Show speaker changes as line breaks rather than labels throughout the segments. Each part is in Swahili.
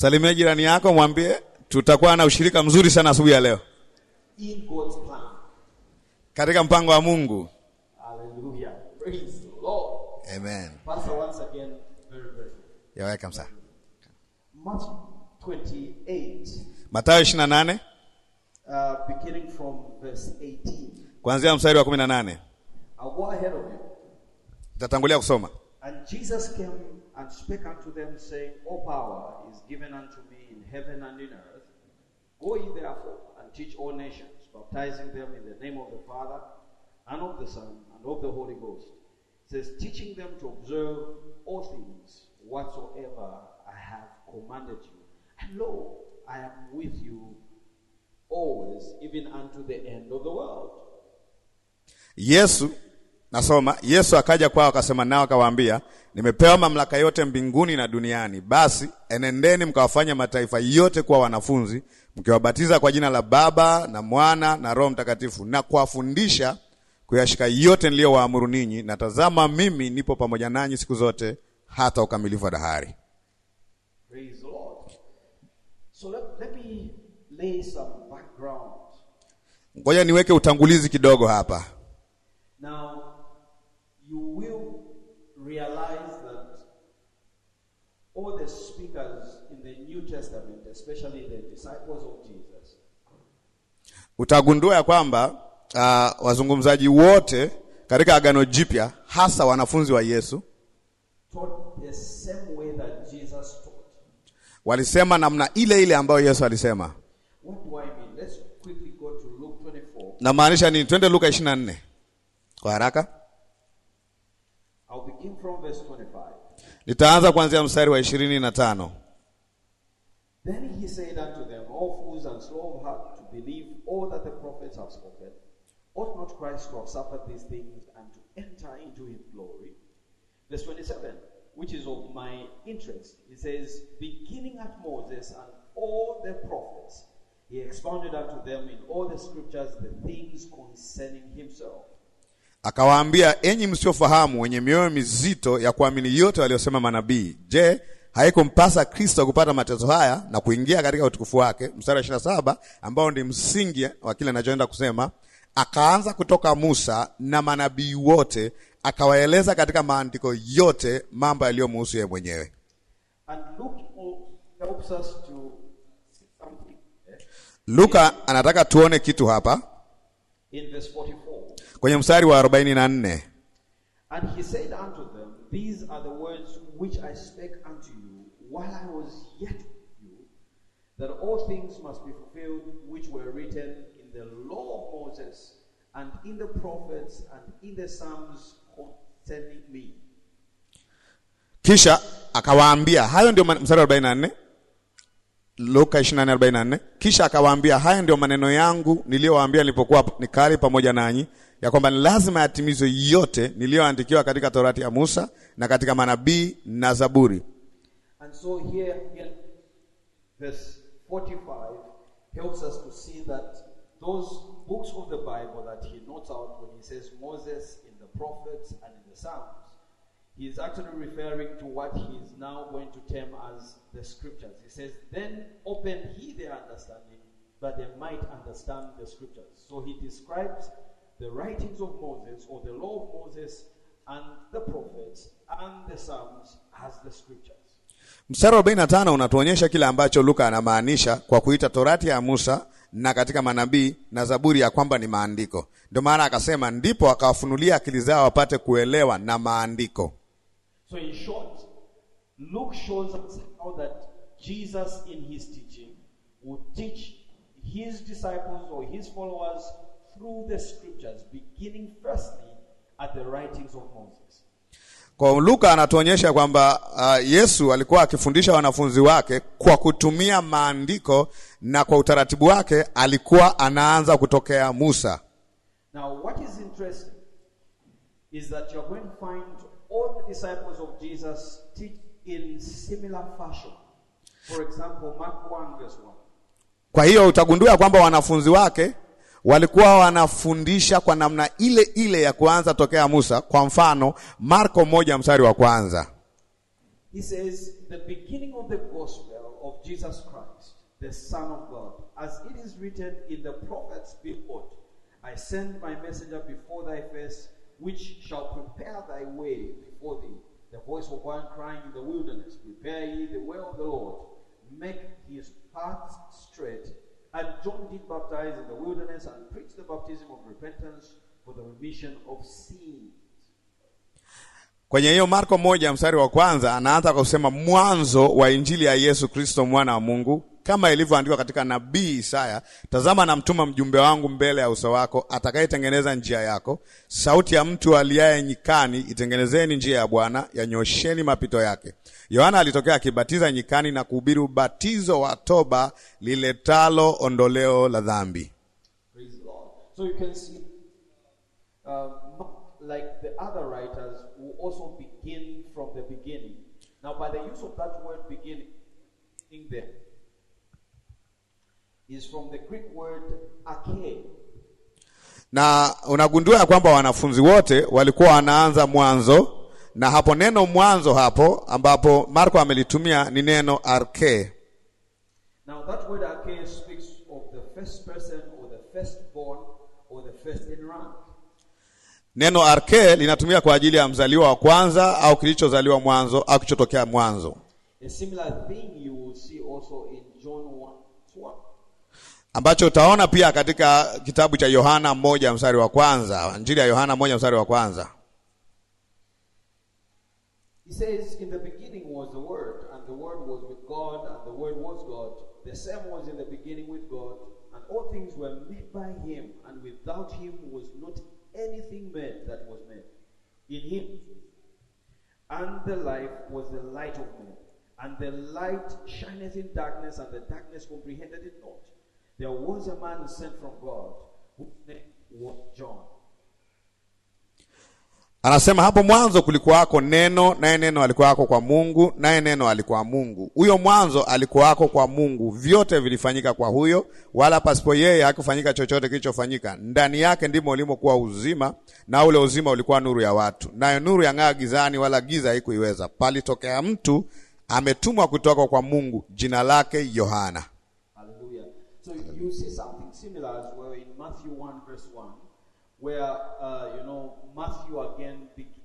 Salimia jirani yako, mwambie tutakuwa na ushirika mzuri sana asubuhi ya leo In God's plan. katika mpango wa Mungu. Hallelujah.
Praise the Lord. Amen. Pastor, once again, very, very. You're welcome, sir. Matthew 28.
Matayo 28.
Uh, beginning from verse 18.
Kuanzia mstari wa 18.
I'll go ahead of you.
Tatangulia kusoma. And Jesus came
and spake unto them, saying, All power is given unto me in heaven and in earth. Go ye therefore and teach all nations, baptizing them in the name of the Father, and of the Son, and of the Holy Ghost. It says, teaching them to observe all things whatsoever I have commanded you. And lo, I am with you always, even unto the end of the world.
Yesu Nasoma, Yesu akaja kwao akasema nao akawaambia, nimepewa mamlaka yote mbinguni na duniani. Basi enendeni mkawafanya mataifa yote kuwa wanafunzi, mkiwabatiza kwa jina la Baba na Mwana na Roho Mtakatifu, na kuwafundisha kuyashika yote niliyowaamuru ninyi, na tazama, mimi nipo pamoja nanyi siku zote hata ukamilifu wa dahari. So Ngoja niweke utangulizi kidogo hapa
Now, New Testament, especially the disciples of Jesus.
Utagundua ya kwamba uh, wazungumzaji wote katika Agano Jipya hasa wanafunzi wa Yesu
the same way that Jesus
Walisema namna ile ile ambayo Yesu alisema. namaanisha 24. Na maanisha nini? Twende Luka 24 kwa haraka.
I'll begin from verse 25.
Nitaanza kuanzia mstari wa 25.
Then he said unto them, All fools and slow of heart to believe all that the prophets have spoken. Ought not Christ to have suffered these things and to enter into his glory? Verse 27, which is of my interest, he says, Beginning at Moses and all the prophets, he expounded unto them in all the scriptures the things concerning himself.
Akawaambia, enyi msiofahamu wenye mioyo mizito ya kuamini yote waliyosema manabii. Je, haikumpasa Kristo kupata mateso haya na kuingia katika utukufu wake. Mstari wa ishirini na saba ambao ndi msingi wa kile anachoenda kusema, akaanza kutoka Musa na manabii wote, akawaeleza katika maandiko yote mambo yaliyomuhusu yeye mwenyewe.
Oh,
Luka anataka tuone kitu hapa kwenye mstari wa 44.
And he said unto them, These are the words which I spake while I was yet with you, that all things must be fulfilled which were written in the law of Moses and in the prophets and in the Psalms concerning me.
Kisha akawaambia hayo ndio mstari 44 Luka 24:44 kisha akawaambia hayo ndio maneno yangu niliyowaambia nilipokuwa nikali pamoja nanyi ya kwamba ni lazima yatimizwe yote niliyoandikiwa katika Torati ya Musa na katika manabii na Zaburi
And so here in verse 45 helps us to see that those books of the Bible that he notes out when he says Moses in the prophets and in the Psalms, he is actually referring to what he is now going to term as the scriptures. He says, Then open he their understanding that they might understand the scriptures. So he describes the writings of Moses or the law of Moses and the prophets and the Psalms as the
scriptures. Mstari wa 45 unatuonyesha kile ambacho Luka anamaanisha kwa kuita Torati ya Musa na katika manabii na Zaburi ya kwamba ni maandiko. Ndio maana akasema ndipo akawafunulia akili zao wapate kuelewa na maandiko.
So in short, Luke shows us how that Jesus in his teaching would teach his disciples or his followers through the scriptures beginning firstly at the writings of Moses.
Kwa Luka anatuonyesha kwamba uh, Yesu alikuwa akifundisha wanafunzi wake kwa kutumia maandiko na kwa utaratibu wake alikuwa anaanza kutokea Musa.
Now what is interesting is that you're going to find all the disciples of Jesus teach in similar fashion. For example, Mark 1 verse 1.
Kwa hiyo utagundua kwamba wanafunzi wake walikuwa wanafundisha kwa namna ile ile ya kuanza tokea Musa. Kwa mfano, Marko moja mstari wa kwanza
He says the beginning of the gospel of Jesus Christ the son of God as it is written in the prophets before I send my messenger before thy face which shall prepare thy way before thee the voice of one crying in the wilderness prepare ye the way of the Lord make his path straight And John did baptize in the wilderness and preached the baptism of repentance for the remission of sins.
Kwenye hiyo Marko moja mstari wa kwanza anaanza kwa kusema mwanzo wa injili ya Yesu Kristo mwana wa Mungu kama ilivyoandikwa katika nabii Isaya, tazama, namtuma mjumbe wangu mbele ya uso wako, atakayetengeneza njia yako, sauti ya mtu aliaye nyikani, itengenezeni njia ya Bwana, yanyosheni mapito yake. Yohana alitokea akibatiza nyikani na kuhubiri ubatizo wa toba liletalo ondoleo la dhambi.
Now by the use of that word beginning there is from the Greek word arche.
Na unagundua kwamba wanafunzi wote walikuwa wanaanza mwanzo na hapo neno mwanzo hapo ambapo Marko amelitumia ni neno arche.
Now that word arche speaks of the first person or the first born or the first in rank.
Neno arche linatumika kwa ajili ya mzaliwa wa kwanza au kilichozaliwa mwanzo au kilichotokea mwanzo.
A similar thing you will see also in John
1:1. ambacho utaona pia katika kitabu cha Yohana moja mstari wa kwanza, Injili ya Yohana moja mstari wa kwanza.
He says, in the beginning was the Word, and the Word was with God, and the Word was God. The same was in the beginning with God, and all things were made by him, and without him was not anything made that was made. In him and the life was the light of men, and the light shineth in darkness, and the darkness comprehended it not. There was a man sent from God whose name was John.
Anasema hapo mwanzo kulikuwako neno, naye neno alikuwako kwa Mungu, naye neno alikuwa Mungu. Huyo mwanzo alikuwako kwa Mungu, vyote vilifanyika kwa huyo, wala pasipo yeye hakufanyika chochote kilichofanyika. Ndani yake ndimo ulimokuwa uzima, na ule uzima ulikuwa nuru ya watu, nayo nuru yang'aa gizani, wala giza haikuiweza. Palitokea mtu ametumwa kutoka kwa Mungu, jina lake Yohana.
So you see something similar as well in Matthew 1, verse 1, where, uh, you know, Matthew again begins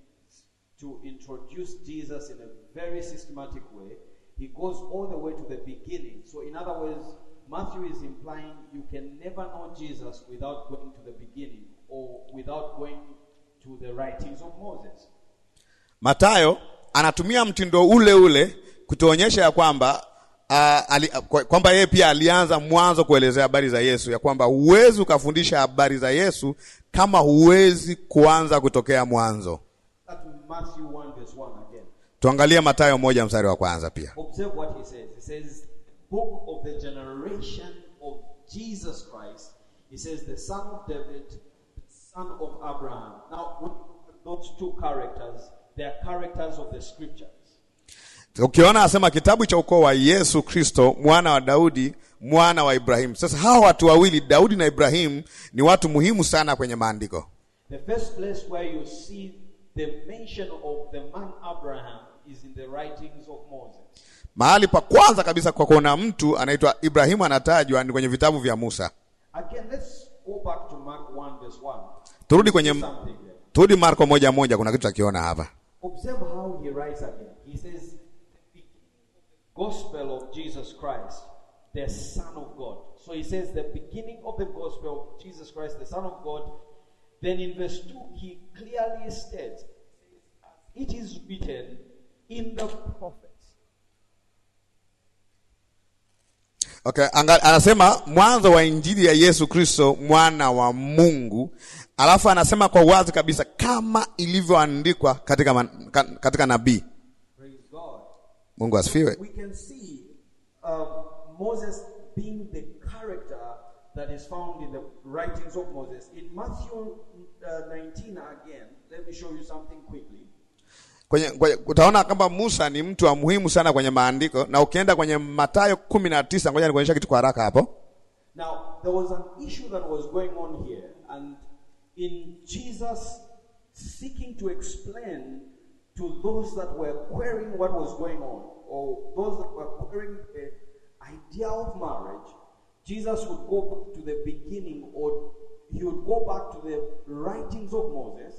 to introduce Jesus in a very systematic way. He goes all the way to the beginning. So, in other words, Matthew is implying you can never know Jesus without going to the beginning or without going to the writings of Moses.
Matayo anatumia mtindo ule ule kutuonyesha ya kwamba Ah, kwamba yeye pia alianza mwanzo kuelezea habari za Yesu, ya kwamba huwezi ukafundisha habari za Yesu kama huwezi kuanza kutokea mwanzo. Tuangalie Mathayo moja mstari wa kwanza pia.
Now, not two characters, they are characters of the scripture.
Ukiona asema kitabu cha ukoo wa Yesu Kristo mwana wa Daudi mwana wa Ibrahimu. Sasa hawa watu wawili Daudi na Ibrahimu ni watu muhimu sana kwenye maandiko.
The first place where you see the mention of the man Abraham is in the writings of Moses.
Mahali pa kwanza kabisa kwa kuona mtu anaitwa Ibrahimu anatajwa ni kwenye vitabu vya Musa. Again, let's go back to Mark 1 verse 1. Turudi kwenye turudi Marko moja moja, kuna kitu takiona hapa.
Observe how he writes again. gospel of Jesus Christ, the Son of God. So he says, the beginning of the gospel of Jesus Christ, the Son of God. Then in verse 2, he clearly states, It is written in the prophets.
Okay, anasema mwanzo wa injili ya Yesu Kristo mwana wa Mungu, alafu anasema kwa wazi kabisa kama ilivyoandikwa katika, katika nabii Mungu asifiwe.
We can see uh, Moses being the character that is found in the writings of Moses. In Matthew uh, 19 again, let me show you something quickly.
Kwenye, kwenye, utaona kwamba Musa ni mtu wa muhimu sana kwenye maandiko na ukienda kwenye Mathayo 19, ngoja nikuonyesha kitu kwa haraka hapo.
Now, there was an issue that was going on here and in Jesus seeking to explain to those that were querying what was going on. or those that were preparing the idea of marriage, Jesus would go back to the beginning or he would go back to the writings of Moses.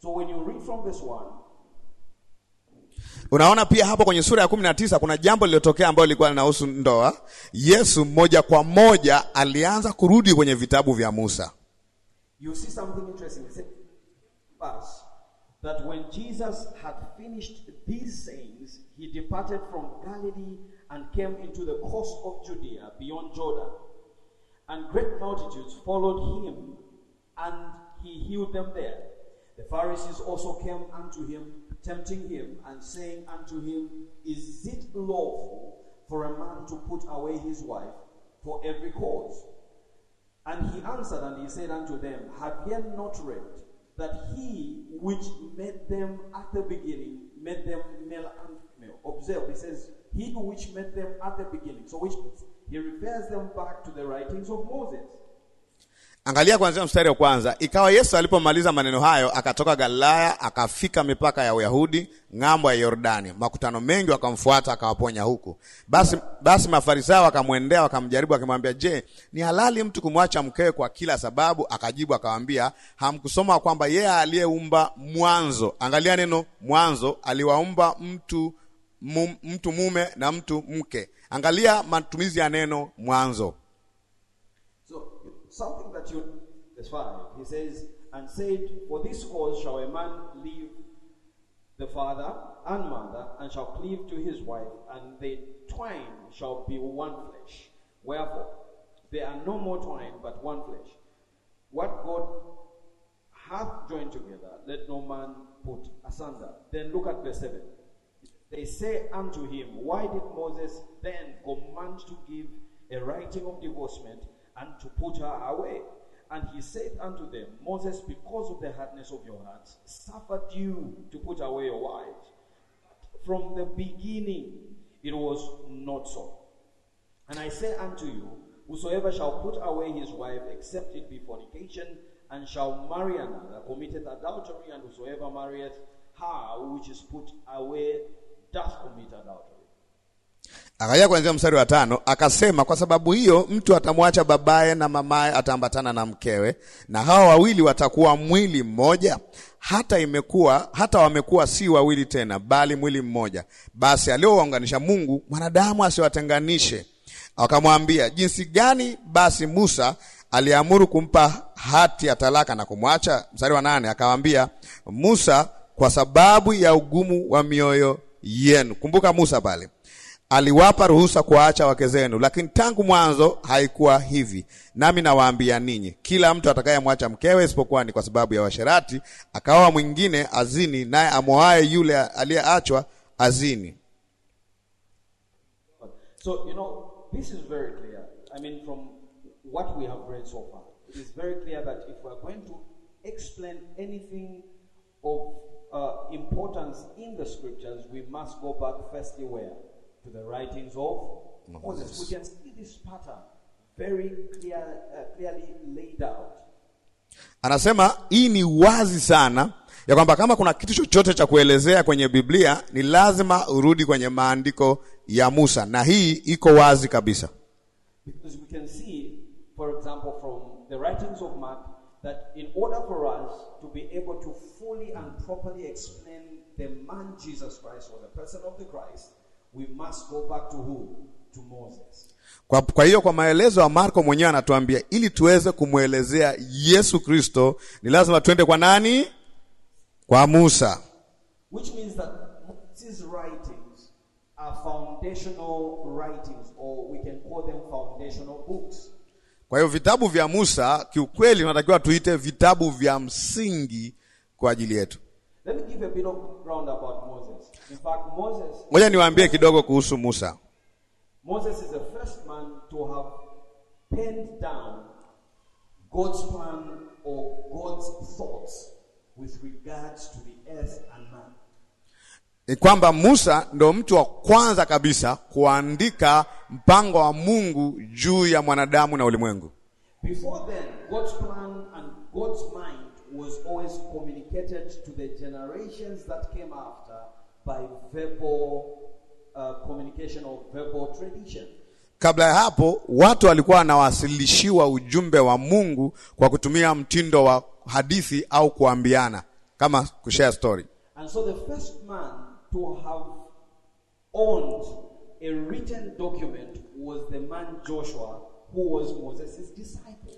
So when you read from verse 1,
Unaona pia hapo kwenye sura ya kumi na tisa kuna jambo lililotokea ambalo lilikuwa linahusu ndoa. Yesu moja kwa moja alianza kurudi kwenye vitabu vya Musa.
You see something interesting. Verse that when Jesus had finished these sayings, he departed from Galilee and came into the coast of Judea beyond Jordan. And great multitudes followed him, and he healed them there. The Pharisees also came unto him, tempting him, and saying unto him, Is it lawful for a man to put away his wife for every cause? And he answered and he said unto them, Have ye not read? that he which made them at the beginning made them male and female. Observe, he says, he which made them at the beginning. So which means he refers them back to the writings of Moses.
Angalia kuanzia mstari wa kwanza. Ikawa Yesu alipomaliza maneno hayo, akatoka Galilaya akafika mipaka ya Uyahudi ng'ambo ya Yordani. Makutano mengi wakamfuata, akawaponya huku. Basi, basi Mafarisayo wakamwendea wakamjaribu, akimwambia, je, ni halali mtu kumwacha mkewe kwa kila sababu? Akajibu akawaambia, hamkusoma kwamba yeye aliyeumba mwanzo, angalia neno mwanzo, aliwaumba mtu mum, mtu mume na mtu mke. Angalia matumizi ya neno mwanzo
something that you. Verse 5, he says, and said, For this cause shall a man leave the father and mother, and shall cleave to his wife, and they twine shall be one flesh. Wherefore, they are no more twine, but one flesh. What God hath joined together, let no man put asunder. Then look at verse 7. They say unto him, Why did Moses then command to give a writing of divorcement and to put her away. And he said unto them, Moses, because of the hardness of your hearts, suffered you to put away your wives. From the beginning, it was not so. And I say unto you, Whosoever shall put away his wife, except it be fornication, and shall marry another, committeth adultery, and whosoever marrieth her which is put away doth commit
adultery. Akaja kuanzia mstari wa tano akasema, kwa sababu hiyo mtu atamwacha babaye na mamaye, ataambatana na mkewe, na hawa wawili watakuwa mwili mmoja. Hata imekuwa hata wamekuwa si wawili tena, bali mwili mmoja. Basi aliowaunganisha Mungu, mwanadamu asiwatenganishe. Akamwambia, jinsi gani basi Musa aliamuru kumpa hati ya talaka na kumwacha? Mstari wa nane akawaambia Musa, kwa sababu ya ugumu wa mioyo yenu. Kumbuka Musa pale aliwapa ruhusa kuwaacha wake zenu, lakini tangu mwanzo haikuwa hivi. Nami nawaambia ninyi, kila mtu atakayemwacha mkewe isipokuwa ni kwa sababu ya washerati, akaoa mwingine, azini; naye amwoaye yule aliyeachwa azini.
So, you know, this is very clear. I mean, from what we have read so far, it is very clear that if we are going to explain anything of uh, importance in the scriptures, we must go back firstly where? to the writings of Moses. Moses. We can see this pattern very clear, uh, clearly laid out.
Anasema hii ni wazi sana ya kwamba kama kuna kitu chochote cha kuelezea kwenye Biblia ni lazima urudi kwenye maandiko ya Musa, na hii iko wazi kabisa.
Because we can see for example from the writings of Mark that in order for us to be able to fully and properly explain the man Jesus Christ or the person of the Christ we must go back to who? To Moses.
Kwa, kwa hiyo kwa maelezo ya Marko mwenyewe anatuambia ili tuweze kumwelezea Yesu Kristo ni lazima tuende kwa nani? Kwa Musa. Which
means that Moses writings are foundational writings or we can call them foundational books.
Kwa hiyo vitabu vya Musa kiukweli tunatakiwa tuite vitabu vya msingi kwa ajili yetu. Ngoja niwaambie kidogo kuhusu Musa.
Moses is the first man to have penned down God's plan or God's thoughts with regards to the earth and man.
Ni kwamba Musa ndo mtu wa kwanza kabisa kuandika mpango wa Mungu juu ya mwanadamu na ulimwengu.
Before then, God's plan and God's mind was always communicated to the generations that came after by verbal uh, communication or verbal tradition.
Kabla ya hapo watu walikuwa wanawasilishiwa ujumbe wa Mungu kwa kutumia mtindo wa hadithi au kuambiana kama kushare story.
And so the first man to have owned a written document was the man Joshua who was Moses' disciple.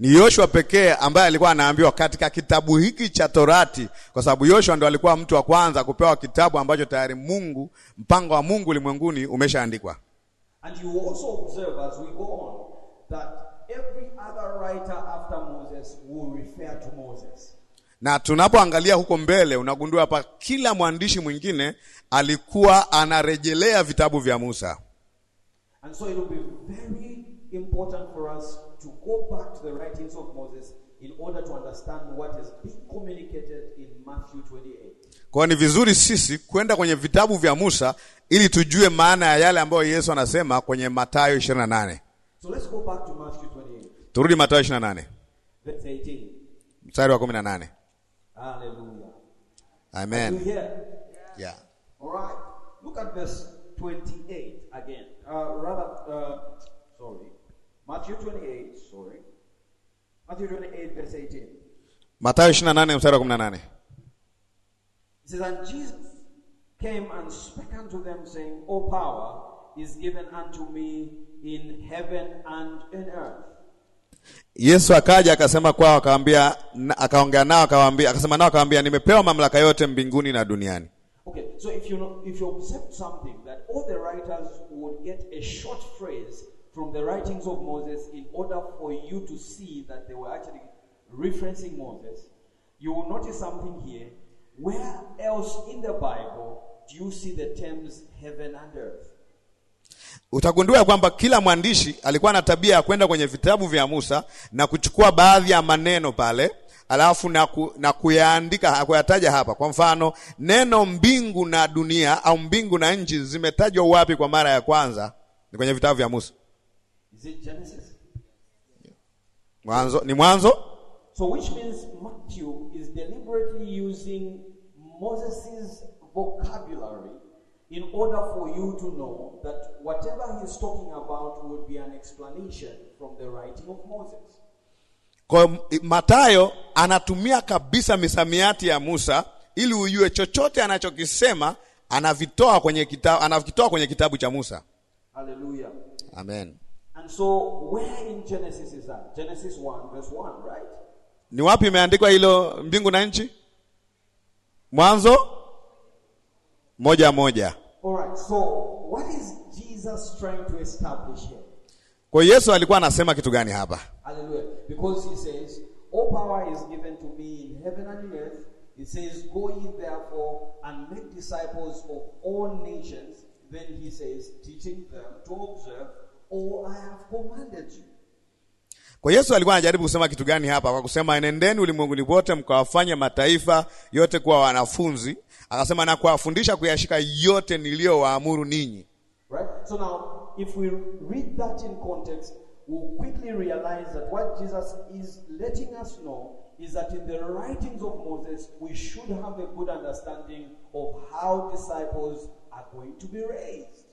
Ni Yoshua pekee ambaye alikuwa anaambiwa katika kitabu hiki cha Torati, kwa sababu Yoshua ndo alikuwa mtu wa kwanza kupewa kitabu ambacho tayari Mungu, mpango wa Mungu ulimwenguni umeshaandikwa.
And you also observe as we go on that every other writer after Moses will refer
to Moses. Na tunapoangalia huko mbele unagundua hapa kila mwandishi mwingine alikuwa anarejelea vitabu vya Musa.
And so it will be very important for us to go back to the writings of Moses in order to understand what is being communicated in Matthew 28.
Kwa ni vizuri sisi kwenda kwenye vitabu vya Musa ili tujue maana ya yale ambayo Yesu anasema kwenye Mathayo 28. So let's go back to Matthew 28. Turudi Mathayo 28.
Verse 18.
Mstari wa 18.
Hallelujah. Amen. You hear? Yeah. All right. Look at verse 28 again. Uh, rather uh, sorry. Matthew 28, sorry. Matthew 28 verse 18.
Mathayo 28 mstari wa 18. It
says and Jesus came and spake unto them saying, All power is given unto me in heaven and in earth.
Yesu akaja akasema kwao, akawaambia, akaongea nao, akawaambia, akasema nao, akawaambia nimepewa mamlaka yote mbinguni na duniani.
Okay, so if you know, if you accept something that all the writers would get a short phrase from the writings of Moses in order for you to see that they were actually referencing Moses, you will notice something here. Where else in the Bible do you see the terms heaven and earth?
Utagundua kwamba kila mwandishi alikuwa na tabia ya kwenda kwenye vitabu vya Musa na kuchukua baadhi ya maneno pale alafu na, ku, na kuyaandika kuyataja hapa. Kwa mfano neno mbingu na dunia au mbingu na nchi zimetajwa wapi kwa mara ya kwanza? Ni kwenye vitabu vya Musa.
Is it Genesis?
Mwanzo ni Mwanzo. So which
means Matthew is deliberately using Moses's vocabulary in order for you to know that whatever he's talking about would be an explanation from the writing of Moses.
Kwa Matayo anatumia kabisa misamiati ya Musa ili ujue chochote anachokisema anavitoa kwenye kitabu, anavitoa kwenye kitabu cha Musa. Hallelujah. Amen.
And so where in Genesis is that? Genesis 1 verse 1, right?
Ni wapi imeandikwa hilo mbingu na nchi? Mwanzo moja moja.
All right. So what is Jesus trying to establish here?
Kwa Yesu alikuwa anasema kitu gani hapa?
Hallelujah. Because he says all power is given to me in heaven and in earth. He says go ye therefore and make disciples of all nations. Then he says teaching them to observe Oh, I have
commanded you. Kwa Yesu alikuwa anajaribu kusema kitu gani hapa? Kwa kusema enendeni ulimwenguni wote mkawafanye mataifa yote kwa wanafunzi, akasema na kuwafundisha kuyashika yote niliyowaamuru nini?
Right? So now if we read that in context, we quickly realize that what Jesus is letting us know is that in the writings of Moses, we should have a good understanding of how disciples are going to be raised.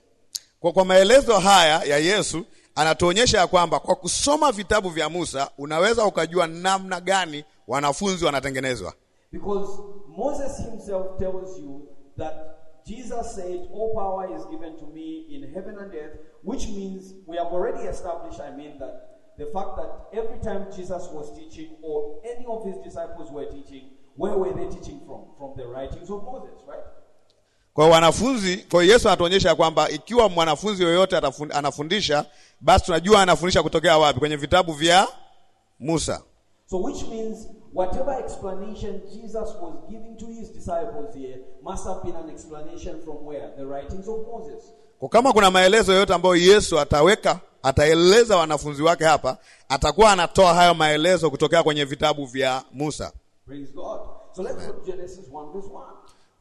Kwa, kwa maelezo haya ya Yesu anatuonyesha ya kwamba kwa kusoma vitabu vya Musa unaweza ukajua namna gani wanafunzi wanatengenezwa.
Because Moses himself tells you that Jesus said all power is given to me in heaven and earth, which means we have already established I mean that the fact that every time Jesus was teaching or any of his disciples were teaching, where were they teaching from? From the writings of Moses, right?
Kwa wanafunzi, kwa Yesu anatuonyesha kwamba ikiwa mwanafunzi yoyote anafundisha, basi tunajua anafundisha kutokea wapi? Kwenye vitabu vya Musa.
So which means whatever explanation Jesus was giving to his disciples here must have been an explanation from where? The writings of Moses.
Kwa kama kuna maelezo yoyote ambayo Yesu ataweka ataeleza wanafunzi wake hapa, atakuwa anatoa hayo maelezo kutokea kwenye vitabu vya Musa.
Praise God. So let's look Genesis 1:1.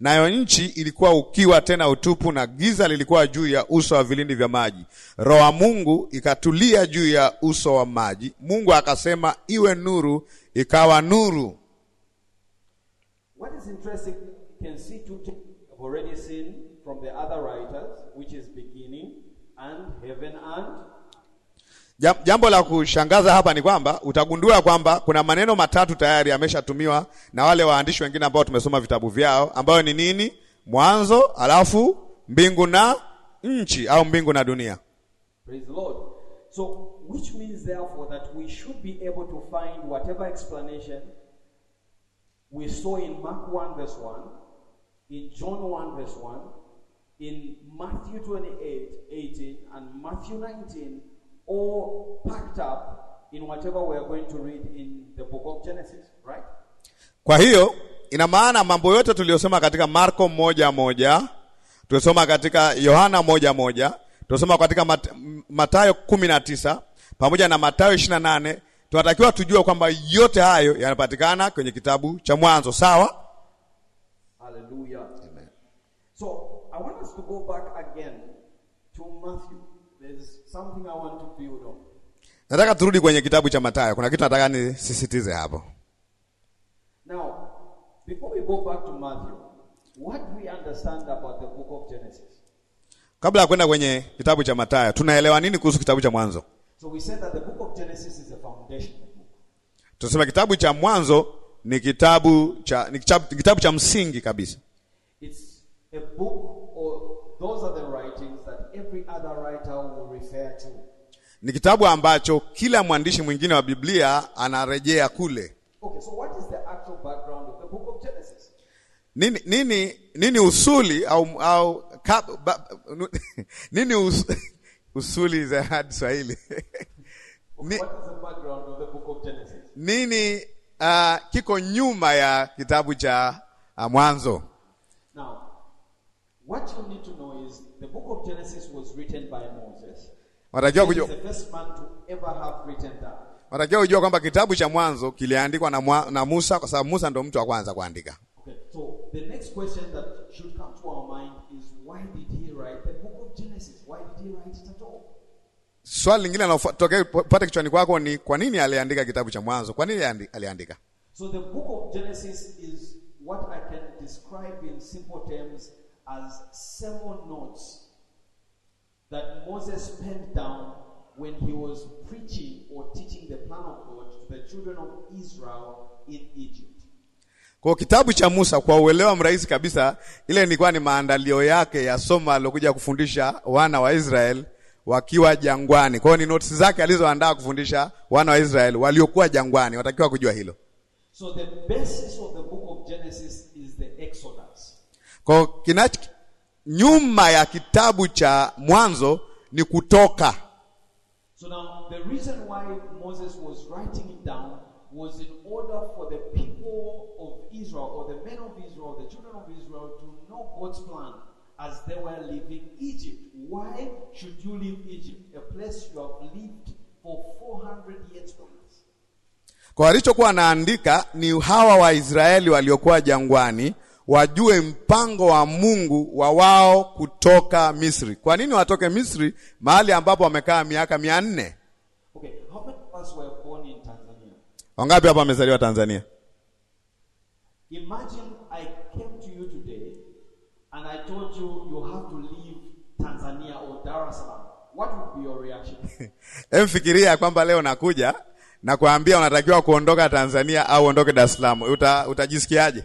Nayo nchi ilikuwa ukiwa tena utupu, na giza lilikuwa juu ya uso wa vilindi vya maji. Roho Mungu ikatulia juu ya uso wa maji. Mungu akasema, iwe nuru, ikawa nuru.
What is interesting, you can see two things already seen from the other writers, which is beginning and heaven and
Jambo la kushangaza hapa ni kwamba utagundua kwamba kuna maneno matatu tayari yameshatumiwa na wale waandishi wengine ambao tumesoma vitabu vyao, ambayo ni nini? Mwanzo, alafu mbingu na nchi, au mbingu na dunia.
Praise the Lord. So which means therefore that we should be able to find whatever explanation we saw in Mark 1 verse 1, in John 1 verse 1, in Matthew 28, 18 and Matthew 19 all packed up in whatever we are going to read in the book of Genesis, right?
Kwa hiyo ina maana mambo yote tuliyosoma katika Marko moja moja, tulisoma katika Yohana moja moja, tulisoma katika Mat Matayo kumi na tisa pamoja na Matayo ishirini na nane tunatakiwa tujue kwamba yote hayo yanapatikana kwenye kitabu cha Mwanzo, sawa?
Hallelujah. Amen. So, I want us to go back again to Matthew. There's Something I want to build on.
Nataka turudi kwenye kitabu cha Mathayo. Kuna kitu nataka nisisitize hapo.
Now, before we go back to Matthew, what we understand about the book of Genesis.
Kabla ya kwenda kwenye kitabu cha Mathayo, tunaelewa nini kuhusu kitabu cha Mwanzo?
So we said that the book of Genesis is foundation.
Tunasema kitabu cha Mwanzo ni kitabu cha ni kitabu, kitabu cha msingi kabisa.
It's a book or Those are the writings that every other writer will refer to.
Ni kitabu ambacho kila mwandishi mwingine wa Biblia anarejea kule.
Okay, so what is the actual background of the book of Genesis?
Nini nini nini usuli au au ka, ba, nini us, usuli za hadi Swahili? Ni,
what is the of the book of
Nini uh, kiko nyuma ya kitabu cha uh, Mwanzo?
What you need to know is the book of Genesis was written by Moses.
Wanatakiwa kujua. The
man to ever have written that.
Wanatakiwa kujua kwamba kitabu cha Mwanzo kiliandikwa na, na Musa kwa sababu Musa ndio mtu wa kwanza kuandika. Okay.
So the next question that should come to our mind is why did he write the book of Genesis? Why did he write it at all?
Swali lingine linalotokea pata kichwani kwako ni kwa nini aliandika kitabu cha Mwanzo? Kwa nini aliandika?
So the book of Genesis is what I can describe in simple terms as sermon notes that Moses penned down when he was preaching or teaching the plan of God to the children of Israel in
Egypt. Kwa kitabu cha Musa kwa uelewa mrahisi kabisa, ile ilikuwa ni maandalio yake ya somo alilokuja kufundisha wana wa Israel wakiwa jangwani. Kwa hiyo ni notes zake alizoandaa kufundisha wana wa Israel waliokuwa jangwani, watakiwa kujua hilo.
So the basis of the book of Genesis is the Exodus.
Kwa kinacho nyuma ya kitabu cha Mwanzo ni Kutoka. So now the reason why Moses was writing it down
was in order for the people of Israel or the men of Israel, the children of Israel to know God's plan as they were leaving Egypt. Why should you leave Egypt, a place you have lived for 400
years from plus? Kwa alichokuwa anaandika ni hawa Waisraeli waliokuwa jangwani wajue mpango wa Mungu wa wao kutoka Misri. Kwa nini watoke Misri, mahali ambapo wamekaa miaka mia nne? Okay, wangapi hapa wamezaliwa Tanzania?
Imagine I came to you today and I told you you have to leave Tanzania or Dar es Salaam. What would be your
reaction? Emfikiria kwamba leo nakuja na kuambia unatakiwa kuondoka Tanzania au ondoke Dar es Salaam. Uta, utajisikiaje?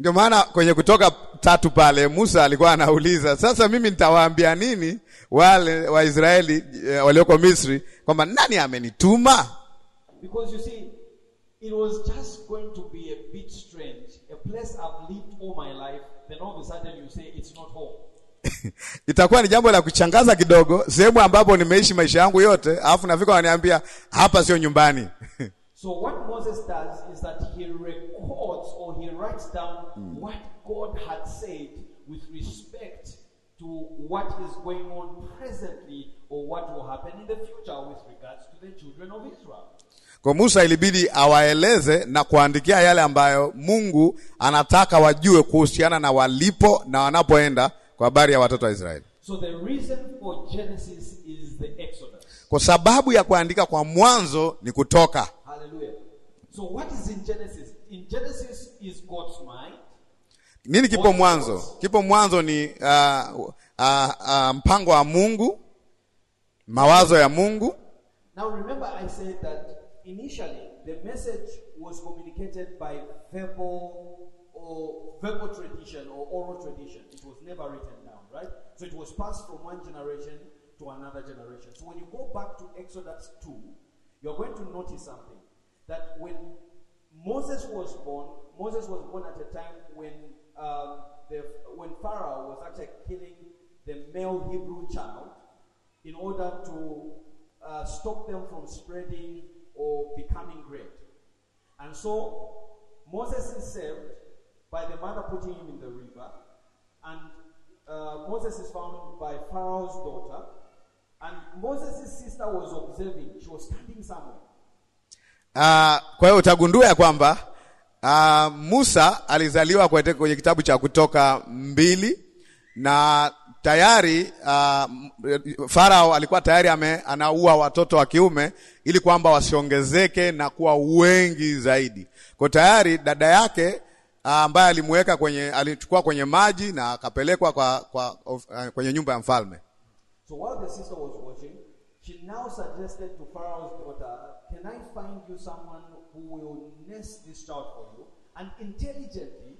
Ndio maana kwenye Kutoka tatu pale Musa alikuwa anauliza, sasa mimi nitawaambia nini wale Waisraeli eh, walioko Misri kwamba nani amenituma?
Because you see it was just going to be a bit strange, a place I've lived all my life, then all of a sudden
you say it's not home. Itakuwa ni jambo la kuchangaza kidogo, sehemu ambapo nimeishi maisha yangu yote, alafu nafika wananiambia hapa sio nyumbani.
So what Moses does is that he records or he writes down mm. what God had said with respect to what is going on presently or what will happen in the future with regards to the children of Israel.
Kwa Musa ilibidi awaeleze na kuandikia yale ambayo Mungu anataka wajue kuhusiana na walipo na wanapoenda kwa habari ya watoto wa Israeli.
So the reason for Genesis is the Exodus.
Kwa sababu ya kuandika kwa mwanzo ni kutoka
Hallelujah. So what is in Genesis? In Genesis is God's mind.
Nini kipo mwanzo? Kipo mwanzo ni uh, uh, uh, mpango wa Mungu, mawazo ya Mungu.
Now remember I said that initially the message was communicated by verbal or verbal tradition or oral tradition. It was never written down, right? So it was passed from one generation to another generation. So when you go back to Exodus 2, you're going to notice something that when Moses was born, Moses was born at a time when um, the, when Pharaoh was actually killing the male Hebrew child in order to uh, stop them from spreading or becoming great. And so Moses is saved by the mother putting him in the river, and uh, Moses is found by Pharaoh's daughter. And Moses' sister was observing, she was standing somewhere.
uh, kwa hiyo utagundua ya kwamba uh, Musa alizaliwa kwenye kitabu cha Kutoka mbili na tayari uh, Farao alikuwa tayari ame, anaua watoto wa kiume ili kwamba wasiongezeke na kuwa wengi zaidi. Kwa tayari dada yake ambaye uh, alimweka kwenye alichukua kwenye maji na akapelekwa kwa, kwa, uh, kwenye nyumba ya mfalme.
So while the sister was watching, She now suggested to Pharaoh's daughter, Can I find you someone who will nurse this child for you? And intelligently,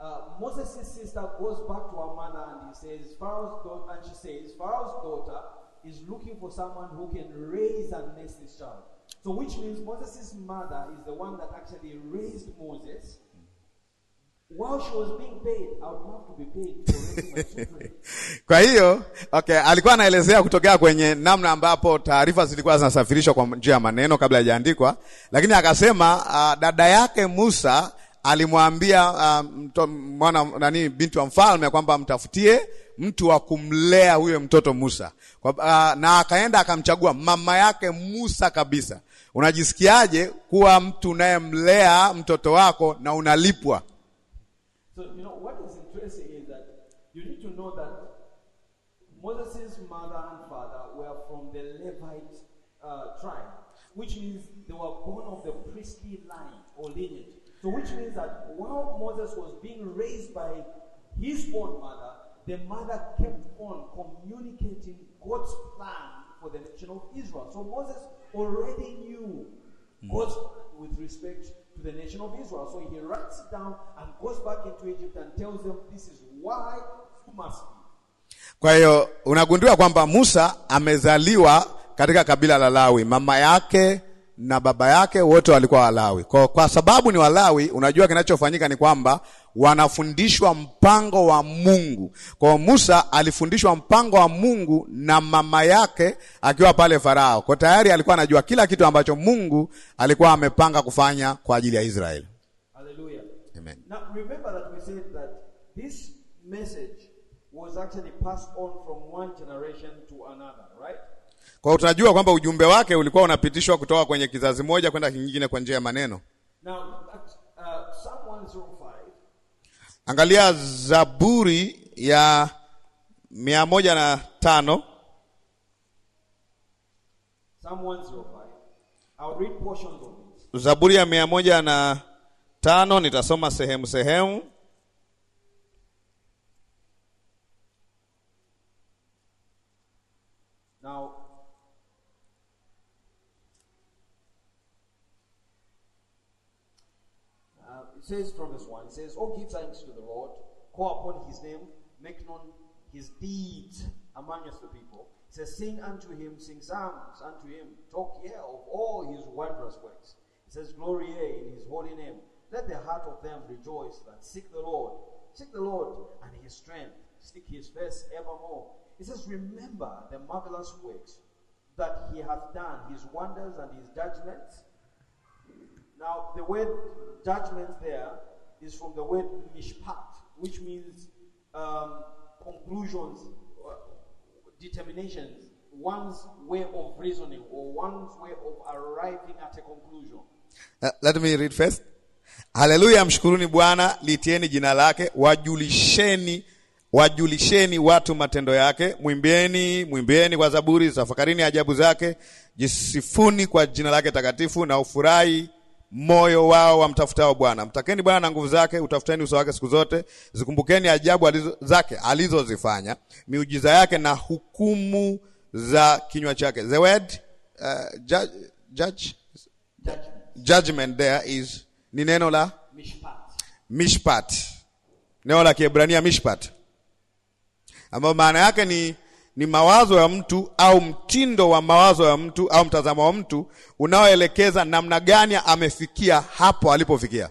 uh, Moses' sister goes back to her mother and he says, Pharaoh's daughter, and she says, Pharaoh's daughter is looking for someone who can raise and nurse this child. So, which means Moses' mother is the one that actually raised Moses
Kwa hiyo okay, alikuwa anaelezea kutokea kwenye namna ambapo taarifa zilikuwa zinasafirishwa kwa njia ya maneno kabla hajaandikwa, lakini akasema uh, dada yake Musa alimwambia uh, mwana nani binti wa mfalme kwamba mtafutie mtu wa kumlea huyo mtoto Musa kwa, uh, na akaenda akamchagua mama yake Musa kabisa. Unajisikiaje kuwa mtu unayemlea mtoto wako na unalipwa?
So, you know, what is interesting is that you need to know that Moses' mother and father were from the Levite uh, tribe, which means they were born of the priestly line or lineage. So, which means that while Moses was being raised by his own mother, the mother kept on communicating God's plan for the nation of Israel. So Moses already knew mm. God's plan with respect to the nation of Israel. So he writes it down and goes back into Egypt and tells them this is why you must be.
Kwa hiyo unagundua kwamba Musa amezaliwa katika kabila la Lawi, mama yake na baba yake wote walikuwa Walawi. Kwa, kwa sababu ni Walawi, unajua kinachofanyika ni kwamba wanafundishwa mpango wa Mungu. Kwa Musa alifundishwa mpango wa Mungu na mama yake akiwa pale Farao. Kwa tayari alikuwa anajua kila kitu ambacho Mungu alikuwa amepanga kufanya kwa ajili ya Israeli. Hallelujah. Amen. Now right? Kwa utajua kwamba ujumbe wake ulikuwa unapitishwa kutoka kwenye kizazi moja kwenda kingine kwa njia ya maneno. Now, uh, Angalia Zaburi ya mia moja na tano. Zaburi ya mia moja na tano nitasoma sehemu sehemu
says from verse 1, says, Oh, give thanks to the Lord, call upon his name, make known his deeds among us the people. It says, Sing unto him, sing psalms unto him, talk ye of all his wondrous works. It says, Glory ye in his holy name. Let the heart of them rejoice that seek the Lord. Seek the Lord and his strength. Seek his face evermore. It says, Remember the marvelous works that he hath done, his wonders and his judgments Now, the word judgment there is from the word mishpat, which means um, conclusions, uh, determinations, one's way of reasoning or one's way of arriving at a conclusion.
Uh, let me read first. Haleluya, mshukuruni Bwana, litieni jina lake, wajulisheni wajulisheni watu matendo yake, mwimbieni mwimbieni kwa zaburi, tafakarini ajabu zake, jisifuni kwa jina lake takatifu, na ufurahi moyo wao wamtafutao Bwana. Mtakeni Bwana na nguvu zake, utafuteni uso wake siku zote. Zikumbukeni ajabu alizo, zake alizozifanya, miujiza yake na hukumu za kinywa chake. The word uh, judge, judge, judgment there is ni neno la mishpat, mishpat, neno la Kiebrania mishpat, ambayo maana yake ni ni mawazo ya mtu au mtindo wa mawazo ya mtu au mtazamo wa mtu unaoelekeza namna gani amefikia hapo alipofikia.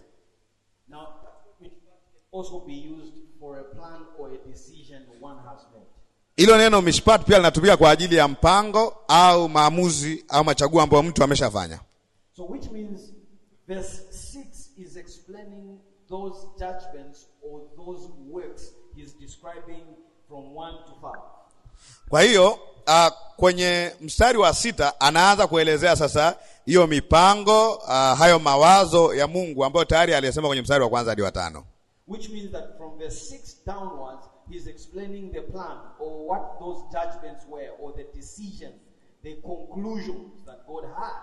Hilo neno mishpat pia linatumika kwa ajili ya mpango au maamuzi au machaguo ambayo mtu ameshafanya.
So which means verse 6 is explaining those judgments or those works he's describing from 1 to 5.
Kwa hiyo uh, kwenye mstari wa sita anaanza kuelezea sasa hiyo mipango uh, hayo mawazo ya Mungu ambayo tayari aliyesema kwenye mstari wa kwanza hadi wa tano.
Which means that from verse 6 downwards he's explaining the plan or what those judgments were or the decisions, the conclusions that God had.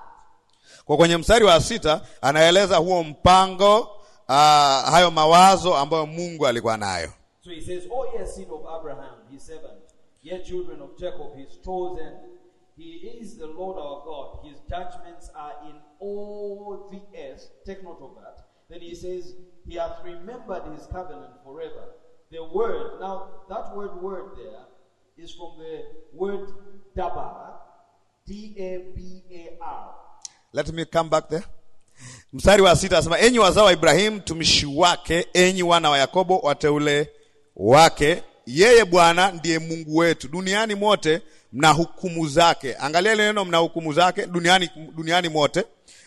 Kwa kwenye mstari wa sita anaeleza huo mpango uh, hayo mawazo ambayo Mungu alikuwa nayo.
So he says, oh yes, seed of Abraham, his seven. Ye children of Jacob, His chosen. He is the Lord our God. His judgments are in all the earth. Take note of that. Then he says, He hath remembered his covenant forever. The word, now that word word there is from the word dabar, D A B A R.
Let me come back there. Mstari wa sita anasema, enyi wazao wa ibrahim mtumishi wake, enyi wana wa Yakobo, wateule wake yeye Bwana ndiye Mungu wetu, duniani mote mna hukumu zake. Angalia ile neno mna hukumu zake, duniani, duniani mote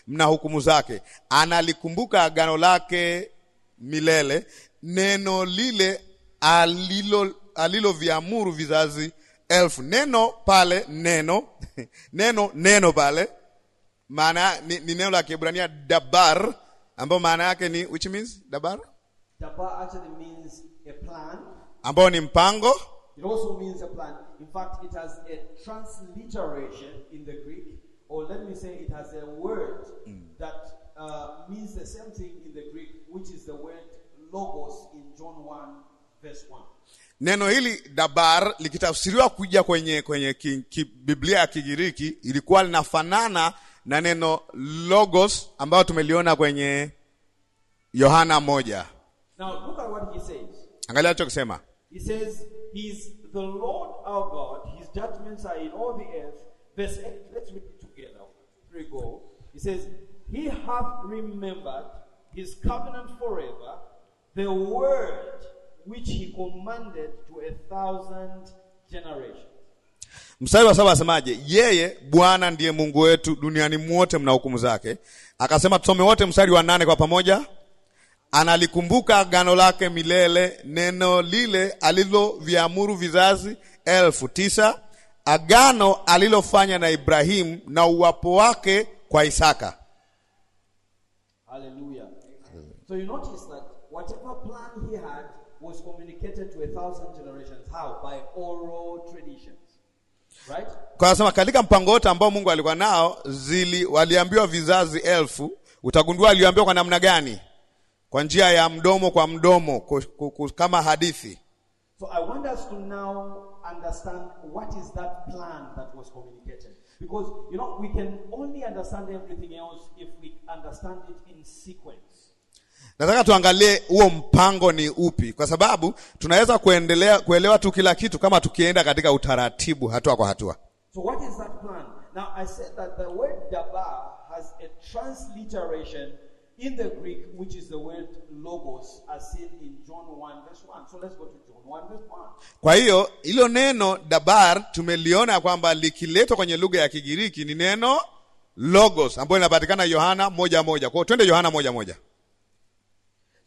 mna hukumu zake. Analikumbuka agano lake milele, neno lile alilo aliloviamuru vizazi elfu. Neno pale neno neno neno pale maana ni, ni neno la Kiebrania dabar, ambayo maana yake ni which means dabar,
dabar actually means a plan
ambao ni mpango
It also means a plan. In fact, it has a transliteration in the Greek, or let me say it has a word mm. that uh, means the same thing in the Greek, which is the word logos in John 1
verse 1. Neno hili dabar likitafsiriwa kuja kwenye kwenye ki, ki, Biblia ya Kigiriki ilikuwa linafanana na neno logos ambayo tumeliona kwenye Yohana moja. Now,
look at what he says.
Angalia alichokisema.
He says, He's the Lord our God. His judgments are in all the earth. Verse 8, let's read it together. Here we go. He says, He hath remembered his covenant forever, the word which he commanded to a thousand generations.
Mstari wa saba asemaje? Yeye Bwana ndiye Mungu wetu, duniani mwote mna hukumu zake. Akasema tusome wote mstari wa nane kwa pamoja. Analikumbuka agano lake milele, neno lile aliloviamuru vizazi elfu tisa, agano alilofanya na Ibrahimu na uwapo wake kwa Isaka.
So you notice that whatever plan he had was communicated to a thousand generations. How? By oral traditions. Right?
Kwa sema katika mpango wote ambao Mungu alikuwa nao zili waliambiwa vizazi elfu, utagundua aliambiwa kwa namna gani? kwa njia ya mdomo kwa mdomo kama hadithi.
So I want us to now understand what is that plan that was communicated. Because you know we can only understand everything else if we understand it in sequence.
Nataka tuangalie huo mpango ni upi, kwa sababu tunaweza kuendelea kuelewa tu kila kitu kama tukienda katika utaratibu hatua kwa hatua.
So what is that plan? Now I said that the word Dabar has a transliteration In the Greek, which is the word logos, as seen in John 1 verse 1. So let's go to
John 1 verse 1. Kwa hiyo hilo neno dabar tumeliona kwamba likileto kwenye lugha ya Kigiriki ni neno logos ambayo inapatikana Yohana moja moja. Kwa hiyo twende Yohana moja moja.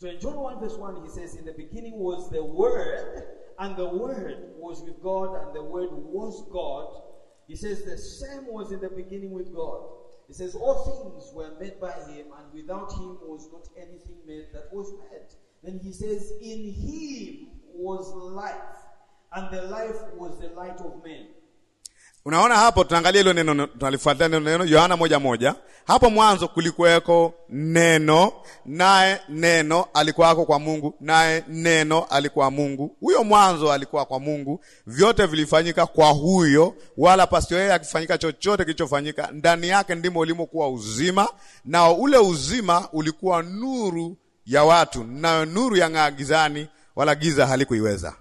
So in John 1 verse 1 he says in the beginning was the word and the word was with God and the word was God. He says the same was in the beginning with God. It says, All things were made by him, and without him was not anything made that was made. Then he says, In him was life, and the life was the light of men.
Unaona hapo, tunaangalia hilo neno, tunalifuatia neno neno Yohana moja moja. Hapo mwanzo kulikuweko neno, naye neno alikuwako kwa Mungu, naye neno alikuwa Mungu. Huyo mwanzo alikuwa kwa Mungu, vyote vilifanyika kwa huyo, wala pasio yeye akifanyika chochote kilichofanyika. Ndani yake ndimo ulimokuwa uzima, nao ule uzima ulikuwa nuru ya watu, nayo nuru yang'aa gizani, wala giza halikuiweza.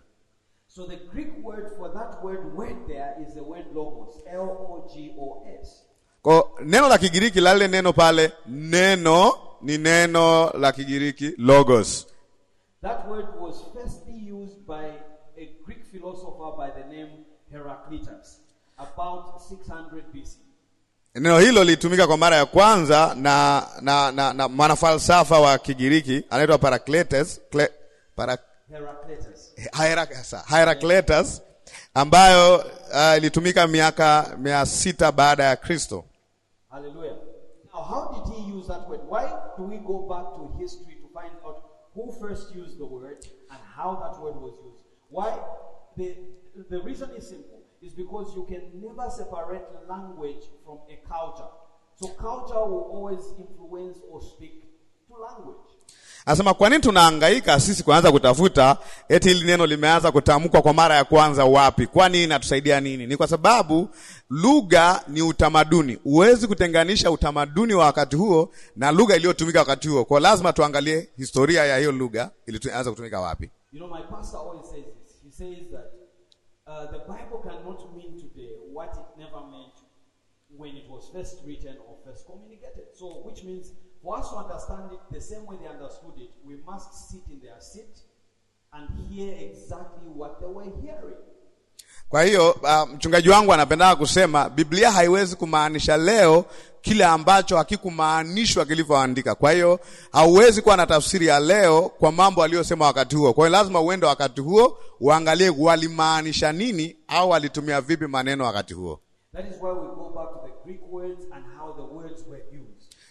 So the Greek word for that word word there is the word logos, L O G O S.
Kwa neno la Kigiriki la lile neno pale, neno ni neno la Kigiriki logos.
That word was firstly used by a Greek philosopher by the name Heraclitus about 600 BC.
Neno hilo lilitumika kwa mara ya kwanza na na, na, na mwanafalsafa wa Kigiriki anaitwa Cle, para,
Heraclitus. Heraclitus
ambayo uh, ilitumika miaka mia sita baada ya
Hallelujah. Now how did he use that word? Why do we go back to history to find out who first used the word and how that word was used? Why the the reason is simple is because you can never separate language from a culture. So culture will always influence or speak
to language. Anasema kwa nini tunahangaika sisi kuanza kutafuta eti hili neno limeanza kutamkwa kwa mara ya kwanza wapi? Kwa nini inatusaidia nini? Ni kwa sababu lugha ni utamaduni. Huwezi kutenganisha utamaduni wa wakati huo na lugha iliyotumika wakati huo. Kwa lazima tuangalie historia ya hiyo lugha ilianza kutumika wapi.
You know, my pastor always says this. He says that uh, the Bible cannot mean today what it never meant when it was first written or first communicated. So which means For us to understand it the same way they understood it, we must sit in their seat and hear exactly what
they were hearing. Kwa hiyo uh, mchungaji wangu anapenda kusema Biblia haiwezi kumaanisha leo kile ambacho hakikumaanishwa kilivyoandika. Kwa hiyo hauwezi kuwa na tafsiri ya leo kwa mambo aliyosema wakati huo. Kwa hiyo lazima uende wakati huo, uangalie walimaanisha nini au walitumia vipi maneno wakati huo.
That is why we go back to the Greek word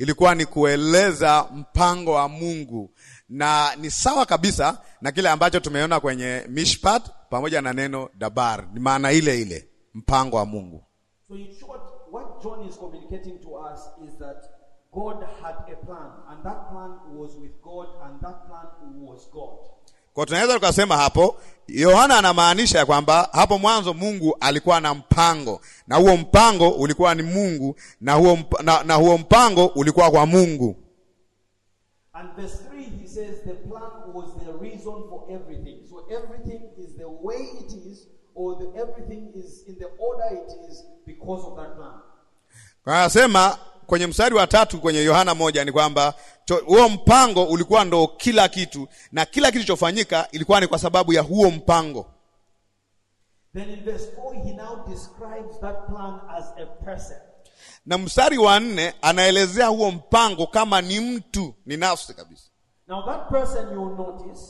ilikuwa ni kueleza mpango wa Mungu, na ni sawa kabisa na kile ambacho tumeona kwenye Mishpat pamoja na neno dabar, ni maana ile ile, mpango wa Mungu.
So in short, what John is communicating to us is that God had a plan and that plan was with God and that plan was God.
Kwa tunaweza tukasema hapo Yohana anamaanisha kwamba hapo mwanzo Mungu alikuwa na mpango, na huo mpango ulikuwa ni Mungu, na huo, mp na, na huo mpango ulikuwa kwa Mungu. Kwa anasema kwenye mstari wa tatu kwenye Yohana moja ni kwamba huo mpango ulikuwa ndo kila kitu na kila kitu chofanyika ilikuwa ni kwa sababu ya huo mpango. Na mstari wa nne anaelezea huo mpango kama ni mtu, ni nafsi kabisa.
Now that person you notice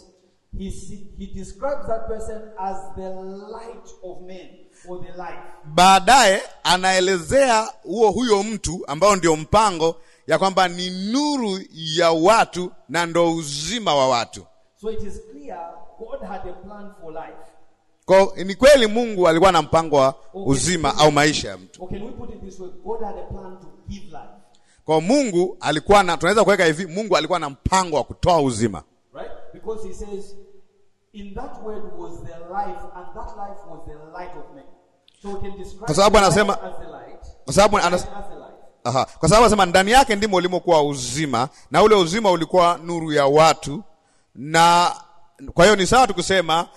he, he describes that person as the light of men.
Baadaye anaelezea huo huyo mtu ambao ndio mpango ya kwamba ni nuru ya watu na ndo uzima wa watu.
So it is clear God had a plan for life.
Kwa ni kweli Mungu alikuwa na mpango wa uzima okay, au maisha ya mtu. Okay, Kwa Mungu alikuwa na tunaweza kuweka hivi, Mungu alikuwa na mpango wa kutoa uzima.
Right? Because he says In that word was the life, and that life was the light of men. So we can describe kwa sababu anasema kwa sababu anasema
aha, kwa sababu anasema ndani yake ndimo ulimokuwa uzima, na ule uzima ulikuwa nuru ya watu, na kwa hiyo ni sawa tukusema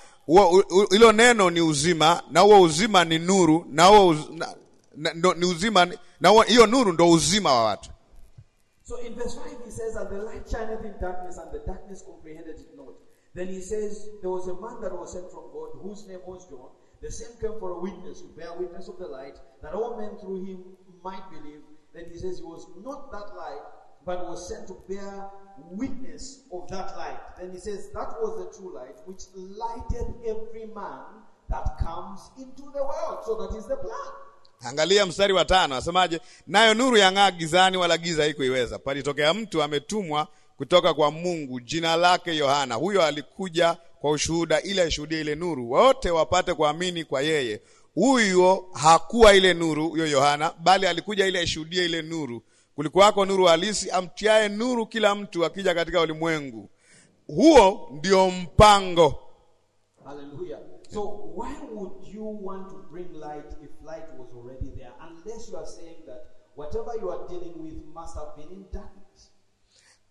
hilo neno ni uzima, na huo uzima ni nuru, na huo na, ndo, ni uzima na hiyo nuru ndo uzima wa watu.
So in verse 5 he says that the light shineth in darkness and the darkness comprehended it not. Then he says, There was a man that was sent from God, whose name was John. The same came for a witness, to bear witness of the light, that all men through him might believe. Then he says, He was not that light, but was sent to bear witness of that light. Then he says, That was the true light, which lighteth every man that comes into the world. So that is the plan.
Angalia mstari wa tano, asemaje? Nayo nuru gizani, wala giza haikuiweza. Palitokea mtu ametumwa kutoka kwa Mungu, jina lake Yohana. Huyo alikuja kwa ushuhuda, ili aishuhudie ile nuru, wote wapate kuamini kwa, kwa yeye. Huyo hakuwa ile nuru, huyo Yohana, bali alikuja ili aishuhudie ile nuru. Kulikuwako nuru halisi, amtiaye nuru kila mtu akija katika ulimwengu. Huo ndio mpango.
Haleluya. So why would you want to bring light if light was already there unless you are saying that whatever you are dealing with must have been in darkness?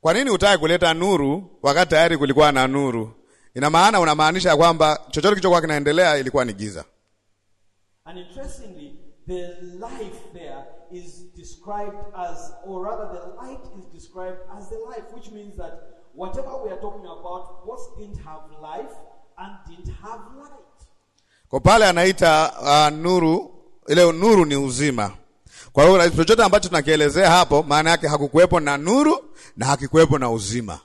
Kwa nini utaki kuleta nuru wakati tayari kulikuwa na nuru? Ina maana unamaanisha kwamba chochote kilichokuwa kinaendelea ilikuwa ni giza.
And interestingly, the life there is described as or rather the light is described as the life which means that whatever we are talking about was didn't have life and didn't have
light. Kwa pale anaita uh, nuru ile nuru ni uzima kwa hiyo chochote ambacho tunakielezea hapo, maana yake hakukuwepo na nuru na hakikuwepo na uzima.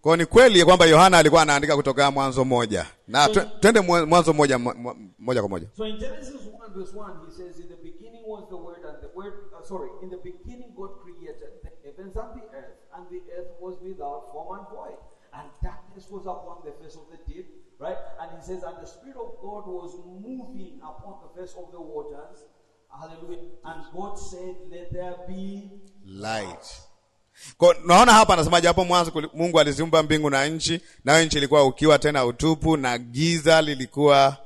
Kwa ni kweli kwamba Yohana alikuwa anaandika kutoka Mwanzo moja na so, twende Mwanzo moja moja kwa moja
and darkness was upon the face of the deep, right? And he says, and the Spirit of God was moving upon the face of the waters. Hallelujah. And God said, let there be
light. Kwa, naona hapa anasema hapo mwanzo Mungu aliziumba mbingu na nchi, nayo nchi ilikuwa ukiwa tena utupu na giza lilikuwa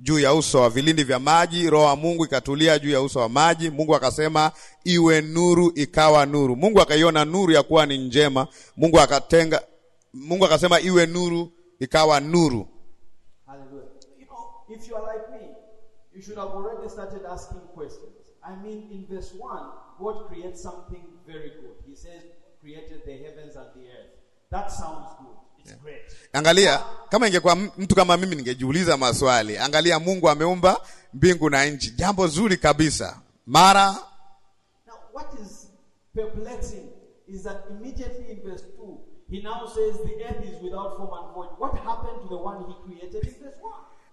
juu ya uso wa vilindi vya maji, roho wa Mungu ikatulia juu ya uso wa maji. Mungu akasema iwe nuru, ikawa nuru. Mungu akaiona nuru ya kuwa ni njema. Mungu akatenga Mungu akasema iwe nuru, ikawa nuru.
if you are like me, you should have already started asking questions. I mean, in God creates something very good. He says created the heavens and the earth. That sounds good. It's yeah. Great.
Angalia, kama ingekuwa mtu kama mimi ningejiuliza maswali. Angalia, Mungu ameumba mbingu na nchi. Jambo zuri kabisa.
Mara Now, what is perplexing is that immediately in verse He now says the earth is without form and void. What happened to the one he created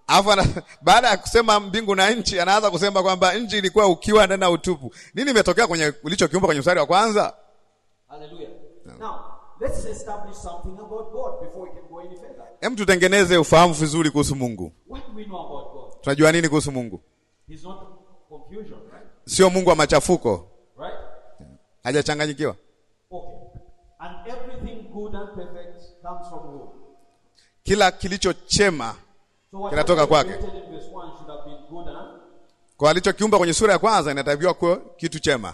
Alafu baada ya kusema mbingu na nchi, anaanza kusema kwamba nchi ilikuwa ukiwa ndani na utupu. Nini imetokea kwenye ulichokiumba kwenye mstari wa kwanza? Hallelujah.
Now, let's establish something about God before we can go any
further. Hem, tutengeneze ufahamu vizuri kuhusu Mungu.
What do we know about God?
Tunajua nini kuhusu Mungu? He's not confusion, right? Sio Mungu wa machafuko. Right? Hajachanganyikiwa.
Okay. And every
kila kilichochema
kinatoka kwake.
Kwa alichokiumba kwenye sura ya kwanza inatabiwa kuwa kitu chema.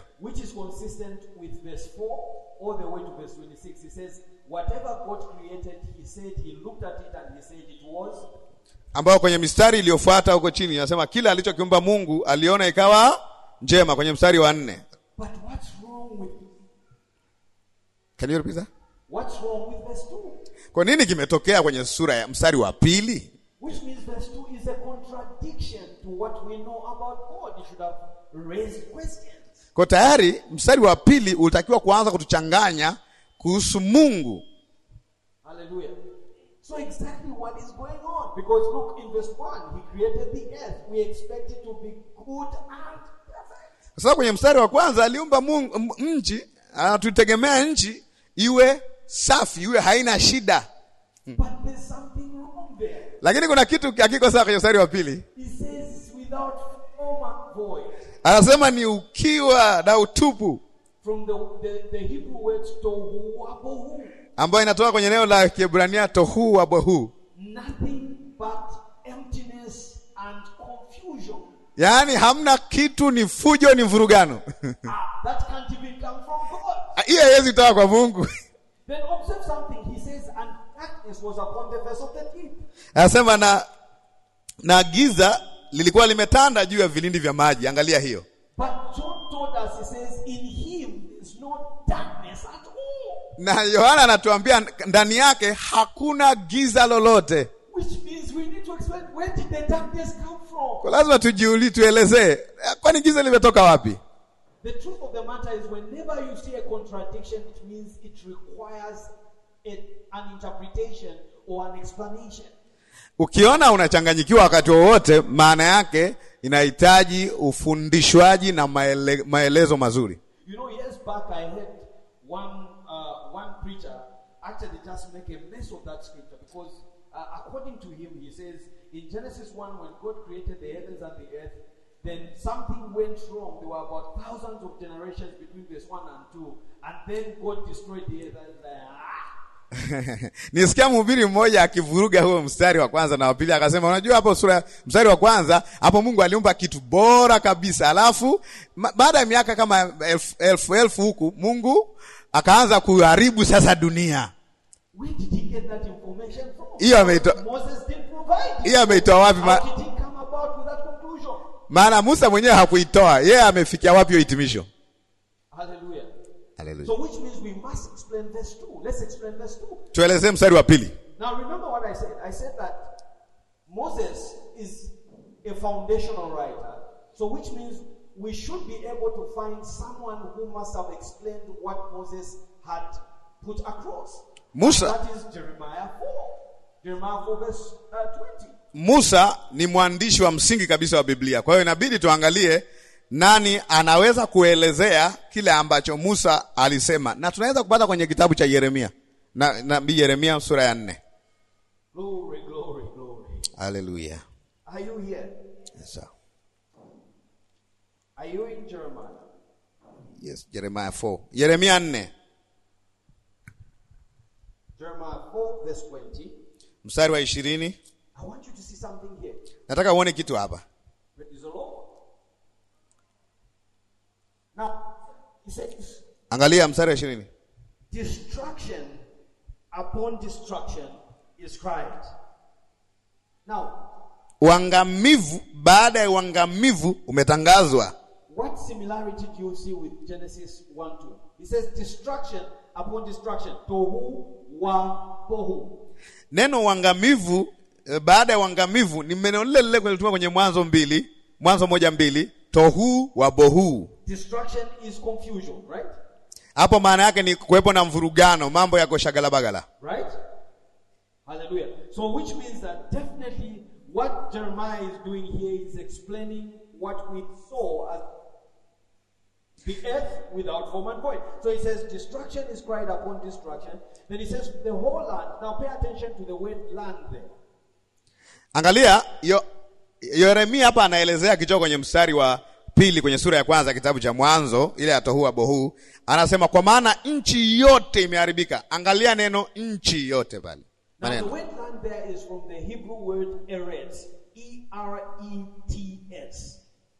Ambao kwenye mistari iliyofuata huko chini inasema kila alichokiumba Mungu aliona ikawa njema kwenye mstari wa nne.
But what's wrong with Can you repeat that? What's wrong with verse
Kwa nini kimetokea kwenye sura ya mstari wa pili?
Which means verse is a contradiction to what we know about God. should have raised questions.
Kwa tayari mstari wa pili ulitakiwa kuanza kutuchanganya kuhusu
Mungu. Hallelujah. So exactly what is going on because look in verse he created the earth. We expect it to be good and
perfect. Sasa kwenye mstari wa kwanza aliumba Mungu anatutegemea nchi iwe safi, iwe haina shida hmm. Lakini kuna kitu hakiko sawa kwenye mstari wa pili anasema ni ukiwa na utupu ambayo inatoka kwenye neno la Kiebrania tohu bohu, yaani hamna kitu, ni fujo, ni mvurugano. Ah, ah, hiyo haiwezi kutoka kwa Mungu.
Then observe something. He says, and darkness was upon the face of the deep.
Anasema na na giza lilikuwa limetanda juu ya vilindi vya maji. Angalia hiyo.
But John told us, he says, in him is no darkness at all.
Na Yohana anatuambia ndani yake hakuna giza lolote.
Which means we need to explain where did the darkness come
from? Kwa lazima tujiulize tuelezee. Eh, kwani giza limetoka wapi? The truth of the matter is, whenever you
see a contradiction, it means it requires an interpretation or an explanation.
Ukiona unachanganyikiwa wakati wowote, maana yake inahitaji ufundishwaji na maele, maelezo mazuri. You know, years back I heard
one, uh, one preacher actually just make a mess of that scripture because uh, according to him, he says in Genesis 1 when God created the heavens and the earth, then something went wrong. There were about thousands of generations between verse 1 and 2, and then God destroyed the earth.
Nisikia mhubiri mmoja akivuruga huo mstari wa kwanza na wapili akasema unajua, hapo sura mstari wa kwanza hapo Mungu aliumba kitu bora kabisa, alafu baada ya miaka kama elfu elfu elf huku Mungu akaanza kuharibu sasa dunia hiyo. Ameitoa wapi? Maana Musa mwenyewe hakuitoa yeye, yeah, amefikia wapi hiyo hitimisho?
Haleluya. Haleluya. So which means we must explain this too. Let's explain verse 2.
Tuelezee mstari wa pili.
Now remember what I said. I said that Moses is a foundational writer. So which means we should be able to find someone who must have explained what Moses had put across. Musa. That is Jeremiah 4. Jeremiah 4 verse uh, 20.
Musa ni mwandishi wa msingi kabisa wa Biblia. Kwa hiyo inabidi tuangalie nani anaweza kuelezea kile ambacho Musa alisema, na tunaweza kupata kwenye kitabu cha Yeremia na nabii Yeremia sura ya nne. Glory, glory, glory. Hallelujah.
Are you here? Yes, sir. Are you in Jeremiah?
Yes, Jeremiah 4. Yeremia 4.
Jeremiah 4 verse 20.
Mstari wa 20. I want you Nataka uone kitu hapa. angalia mstari wa ishirini.
Destruction upon destruction is cried. Now,
uangamivu baada ya uangamivu umetangazwa.
What similarity do you see with Genesis 1:2? He says destruction upon destruction, tohu wa bohu.
Neno uangamivu Eh, baada ya uangamivu ni neno lile lile litumia kwenye Mwanzo mbili, Mwanzo moja mbili, tohu wa bohu.
Destruction is confusion, right?
Hapo maana yake ni kuwepo na mvurugano, mambo yako shagala bagala.
Right? Hallelujah. So which means that definitely what Jeremiah is doing here is explaining what we saw as the earth without form and void. So he says destruction is cried upon destruction. Then he says the whole land. Now pay attention to the word land there.
Angalia yo, Yeremia hapa anaelezea kichoko kwenye mstari wa pili kwenye sura ya kwanza kitabu cha Mwanzo ile ya tohua bohu, anasema kwa maana nchi yote imeharibika. Angalia neno nchi yote pale,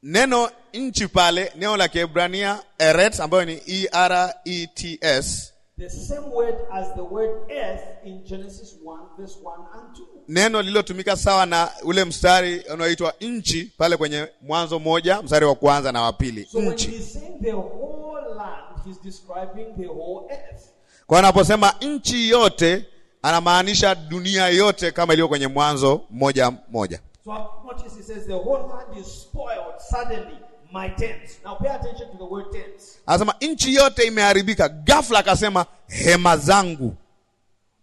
neno nchi pale, neno la Kiebrania eret, ambayo ni E R E T S
The same word as the word earth in Genesis 1 verse 1 and 2.
Neno lililotumika sawa na ule mstari unaoitwa nchi pale kwenye Mwanzo moja mstari wa kwanza na wa pili. So nchi. Kwa anaposema nchi yote anamaanisha dunia yote kama iliyo kwenye Mwanzo moja moja.
So notice says my tents. Now pay attention to the word tents.
Anasema nchi yote imeharibika. Ghafla akasema hema zangu.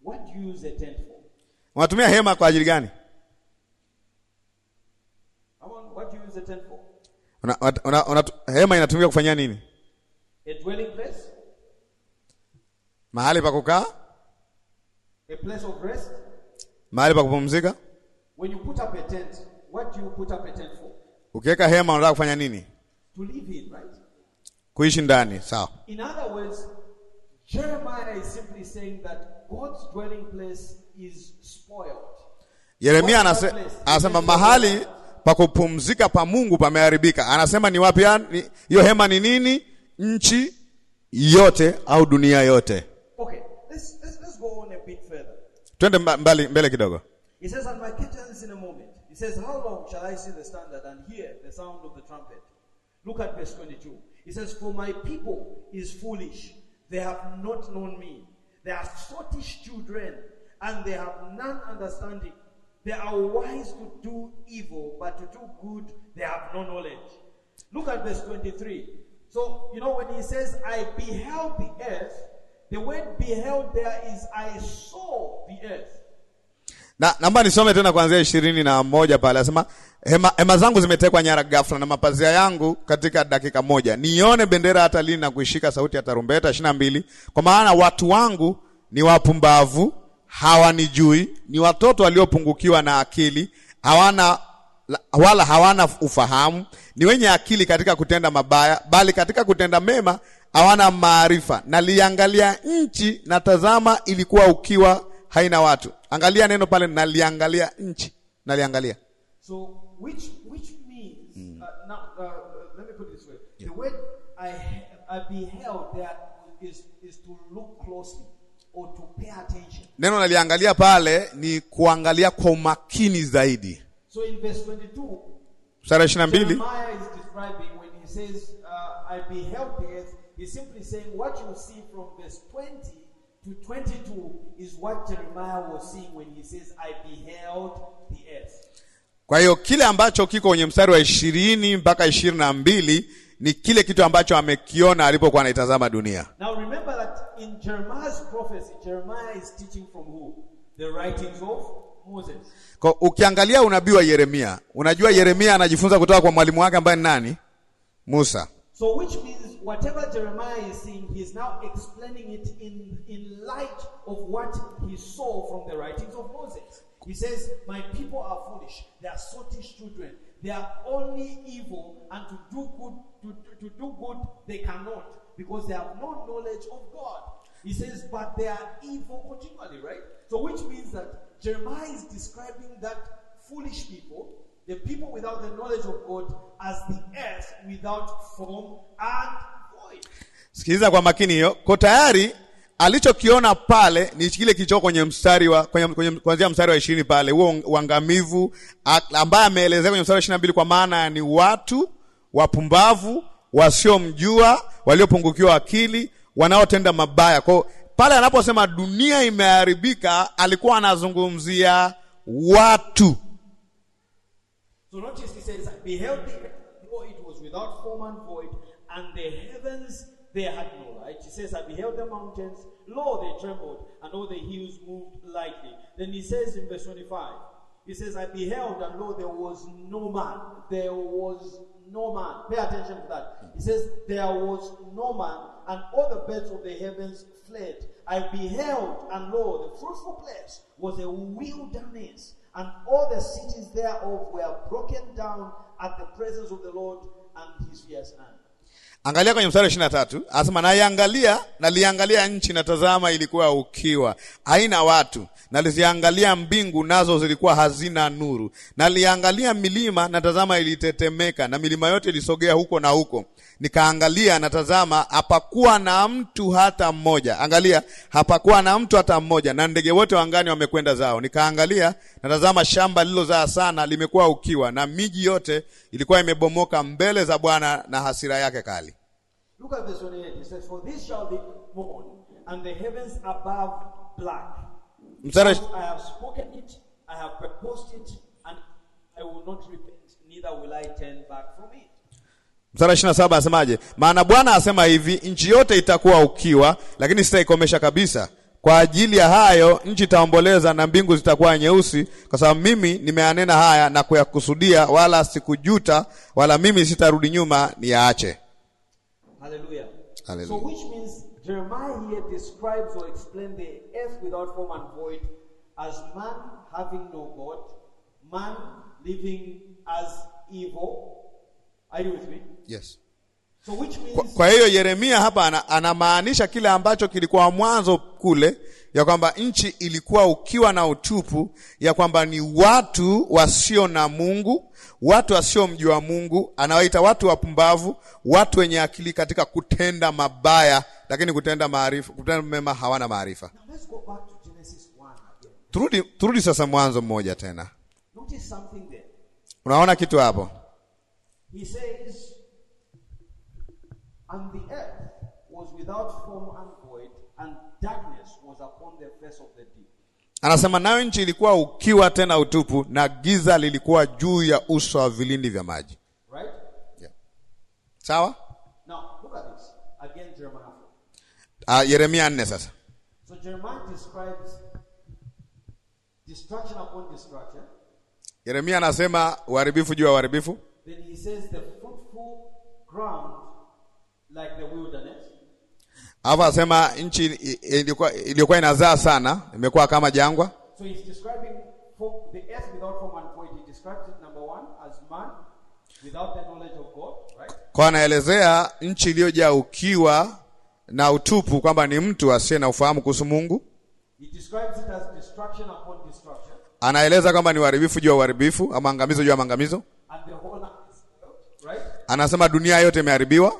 What do you use a tent for?
Unatumia hema kwa ajili gani?
What do you use a tent for?
Una, una, una, hema inatumika kufanya nini?
A dwelling place?
Mahali pa kukaa?
A place of rest?
Mahali pa kupumzika?
When you put up a tent, what do you put up a tent for?
Ukiweka hema unataka kufanya nini?
To live in, right?
Kuishi ndani, sawa.
In other words, Jeremiah is simply saying that God's dwelling place is spoiled.
Yeremia anasema mahali pa kupumzika pa Mungu pameharibika. Anasema ni wapi hiyo hema ni nini? Nchi yote au dunia yote? Okay, let's, let's, let's go on a bit further. Twende mbali mbele kidogo.
He says and my kittens in a moment. He says how long shall I see the standard and hear the sound of the trumpet? Look at verse 22. It says, For my people is foolish. They have not known me. They are sottish children, and they have none understanding. They are wise to do evil, but to do good they have no knowledge. Look at verse 23. So, you know, when he says, I beheld the earth, the word beheld there is I saw the earth.
Na naomba nisome tena kuanzia ishirini na moja pale, anasema Hema, hema zangu zimetekwa nyara ghafla na mapazia yangu katika dakika moja. Nione bendera hata lini na kuishika sauti ya tarumbeta. ishirini na mbili. Kwa maana watu wangu ni wapumbavu, hawanijui, ni watoto waliopungukiwa na akili, hawana wala hawana ufahamu, ni wenye akili katika kutenda mabaya, bali katika kutenda mema hawana maarifa. Naliangalia nchi na tazama, ilikuwa ukiwa, haina watu. Angalia neno pale, naliangalia nchi, naliangalia
so which which means mm. uh, now uh, let me put it this way yeah. the way I I beheld there is is to look closely or to pay
attention. Neno naliangalia pale ni kuangalia kwa umakini zaidi.
So in verse 22
22 Jeremiah
is describing when he says uh, I beheld the he's simply saying what you see from verse 20 to 22 is what Jeremiah was seeing when he says I beheld the earth.
Kwa hiyo kile ambacho kiko kwenye mstari wa ishirini mpaka ishirini na mbili ni kile kitu ambacho amekiona alipokuwa anaitazama dunia. Now
remember that in Jeremiah's prophecy, Jeremiah is teaching from who? The writings of Moses.
Kwa ukiangalia unabii wa Yeremia, unajua Yeremia anajifunza kutoka kwa mwalimu wake ambaye ni nani? Musa.
So which means whatever Jeremiah is seeing, he is now explaining it in in light of what he saw from the writings of Moses. He says, My people are foolish. They are sottish children. They are only evil, and to do good, to, to, to do good, they cannot, because they have no knowledge of God. He says, But they are evil continually, right? So, which means that Jeremiah is describing that foolish people, the people without the knowledge of God, as the earth without form and
void. Sikiliza kwa makini hiyo. Ko tayari alichokiona pale ni kile kilichoko kwenye mstari wa kuanzia mstari wa ishirini pale, huo uangamivu ambaye ameelezea kwenye mstari wa ishirini na mbili kwa maana ni watu wapumbavu wasiomjua waliopungukiwa akili wanaotenda mabaya. kwao pale anaposema dunia imeharibika, alikuwa anazungumzia watu
so they had no light. He says, I beheld the mountains Lo, they trembled, and all the hills moved lightly. Then he says in verse 25, he says, I beheld, and lo, there was no man. There was no man. Pay attention to that. He says, There was no man, and all the birds of the heavens fled. I beheld, and lo, the fruitful place was a wilderness, and all the cities thereof were broken down at the presence of the Lord and his fierce hand.
Angalia kwenye mstari wa ishirini na tatu anasema naiangalia, naliangalia nchi na tazama, ilikuwa ukiwa, haina watu. Naliziangalia mbingu, nazo zilikuwa hazina nuru. Naliangalia milima na tazama, ilitetemeka, na milima yote ilisogea huko na huko nikaangalia, natazama, hapakuwa na mtu hata mmoja. Angalia, hapakuwa na mtu hata mmoja, na ndege wote wangani wamekwenda zao. Nikaangalia, natazama, shamba lililozaa sana limekuwa ukiwa, na miji yote ilikuwa imebomoka mbele za Bwana na hasira yake kali. Mstari Mstari 27 asemaje? Maana Bwana asema hivi, nchi yote itakuwa ukiwa, lakini sitaikomesha kabisa. Kwa ajili ya hayo nchi itaomboleza na mbingu zitakuwa nyeusi, kwa sababu mimi nimeanena haya na kuyakusudia, wala sikujuta, wala mimi sitarudi nyuma niyaache. Haleluya. So which
means Jeremiah here describes or explains the earth without form and void as man having no God, man living as evil Are you with me? Yes. So which means...
Kwa, kwa hiyo Yeremia hapa anamaanisha kile ambacho kilikuwa mwanzo kule ya kwamba nchi ilikuwa ukiwa na utupu, ya kwamba ni watu wasio na Mungu, watu wasiomjua Mungu. Anawaita watu wapumbavu, watu wenye akili katika kutenda mabaya, lakini kutenda maarifa, kutenda mema hawana maarifa. Turudi, turudi sasa Mwanzo mmoja tena. Unaona kitu hapo? He says, And the
earth was without form and void, and darkness was upon the face of the deep.
Anasema nayo nchi ilikuwa ukiwa tena utupu, na giza lilikuwa juu ya uso wa vilindi vya maji.
Right? Yeah. Sawa? Now, look at this. Again, Jeremiah.
Ah, Uh, Yeremia 4 sasa.
So Jeremiah describes destruction upon destruction.
Yeremia anasema uharibifu juu ya uharibifu
says the fruitful ground like the wilderness.
nchi ilikuwa ilikuwa inazaa sana, imekuwa kama jangwa.
So he's describing the earth without form and void. He describes it number as man without the knowledge of God,
right? Kwa anaelezea nchi iliyojaa ukiwa na utupu kwamba ni mtu asiye na ufahamu kuhusu Mungu.
He describes it as destruction upon destruction.
Anaeleza kwamba ni uharibifu juu ya uharibifu ama angamizo juu ya maangamizo. And the whole Anasema dunia yote imeharibiwa.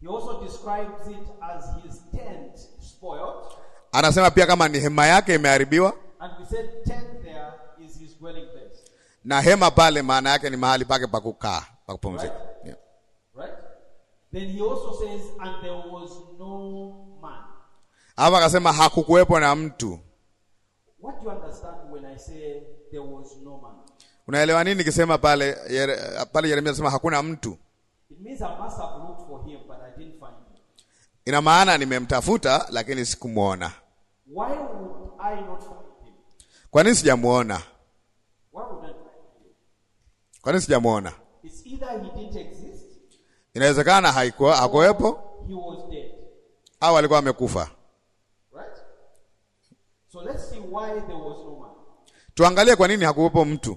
He also describes it as his tent spoiled.
Anasema pia kama ni hema yake imeharibiwa,
And said tent there is his
dwelling place. na hema pale maana yake ni mahali pake pa kukaa pa kupumzika. Right? Yeah.
Right? Then he also says and there was no man.
Hapa akasema hakukuwepo na mtu.
What do you understand when I say there was no man?
Unaelewa nini nikisema pale pale Yeremia anasema hakuna mtu? Ina maana nimemtafuta lakini sikumwona. Kwa nini sijamwona? Kwa nini sijamwona? Inawezekana haikuwa hakuwepo au alikuwa amekufa. Right?
So let's see why there was no man.
Tuangalie kwa nini hakuwepo mtu.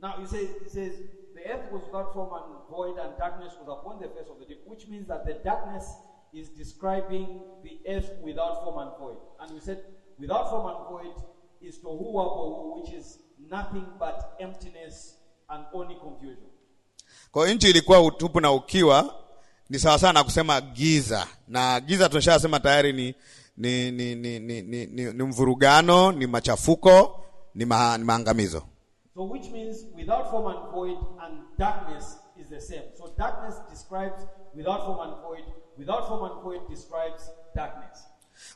Now he says, he says the earth was without form and void, and darkness was upon the face of the deep, which means that the darkness is describing the earth without form and void. And we said without form and void is tohu wabohu, which is nothing but emptiness and only confusion.
Kwa nchi ilikuwa utupu na ukiwa, ni sawa sana kusema giza, na giza tunashasema tayari ni ni, ni, ni, ni, ni, ni mvurugano, ni machafuko, ni, ma, ni maangamizo.
So, which means without form and void and darkness is the same. So, darkness describes without form and void, without form and void describes darkness.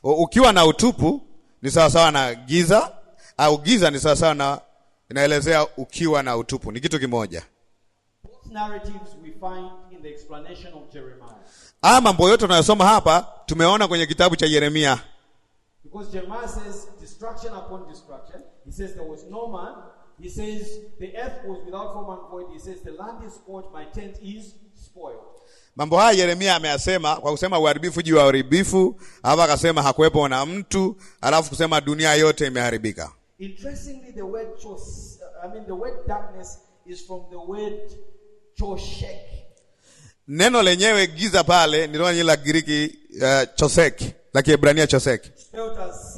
Ukiwa na utupu ni sawasawa na giza, au giza ni sawasawa na inaelezea ukiwa na utupu, ni kitu kimoja. Haya mambo yote tunayosoma hapa tumeona kwenye kitabu cha Yeremia.
Because Jeremiah says destruction upon destruction. He says there was no man He says, the earth was without form and void. He says, the land is scorched, my tent is spoiled.
Mambo haya Yeremia ameyasema kwa kusema uharibifu juu ya uharibifu, alafu akasema hakuwepo na mtu, alafu kusema dunia yote imeharibika.
Interestingly the word chos, I mean the word darkness is from the word choshek.
Neno lenyewe giza pale ni neno la Kigiriki uh, eh, chosek, la Kiebrania chosek.
Spelled as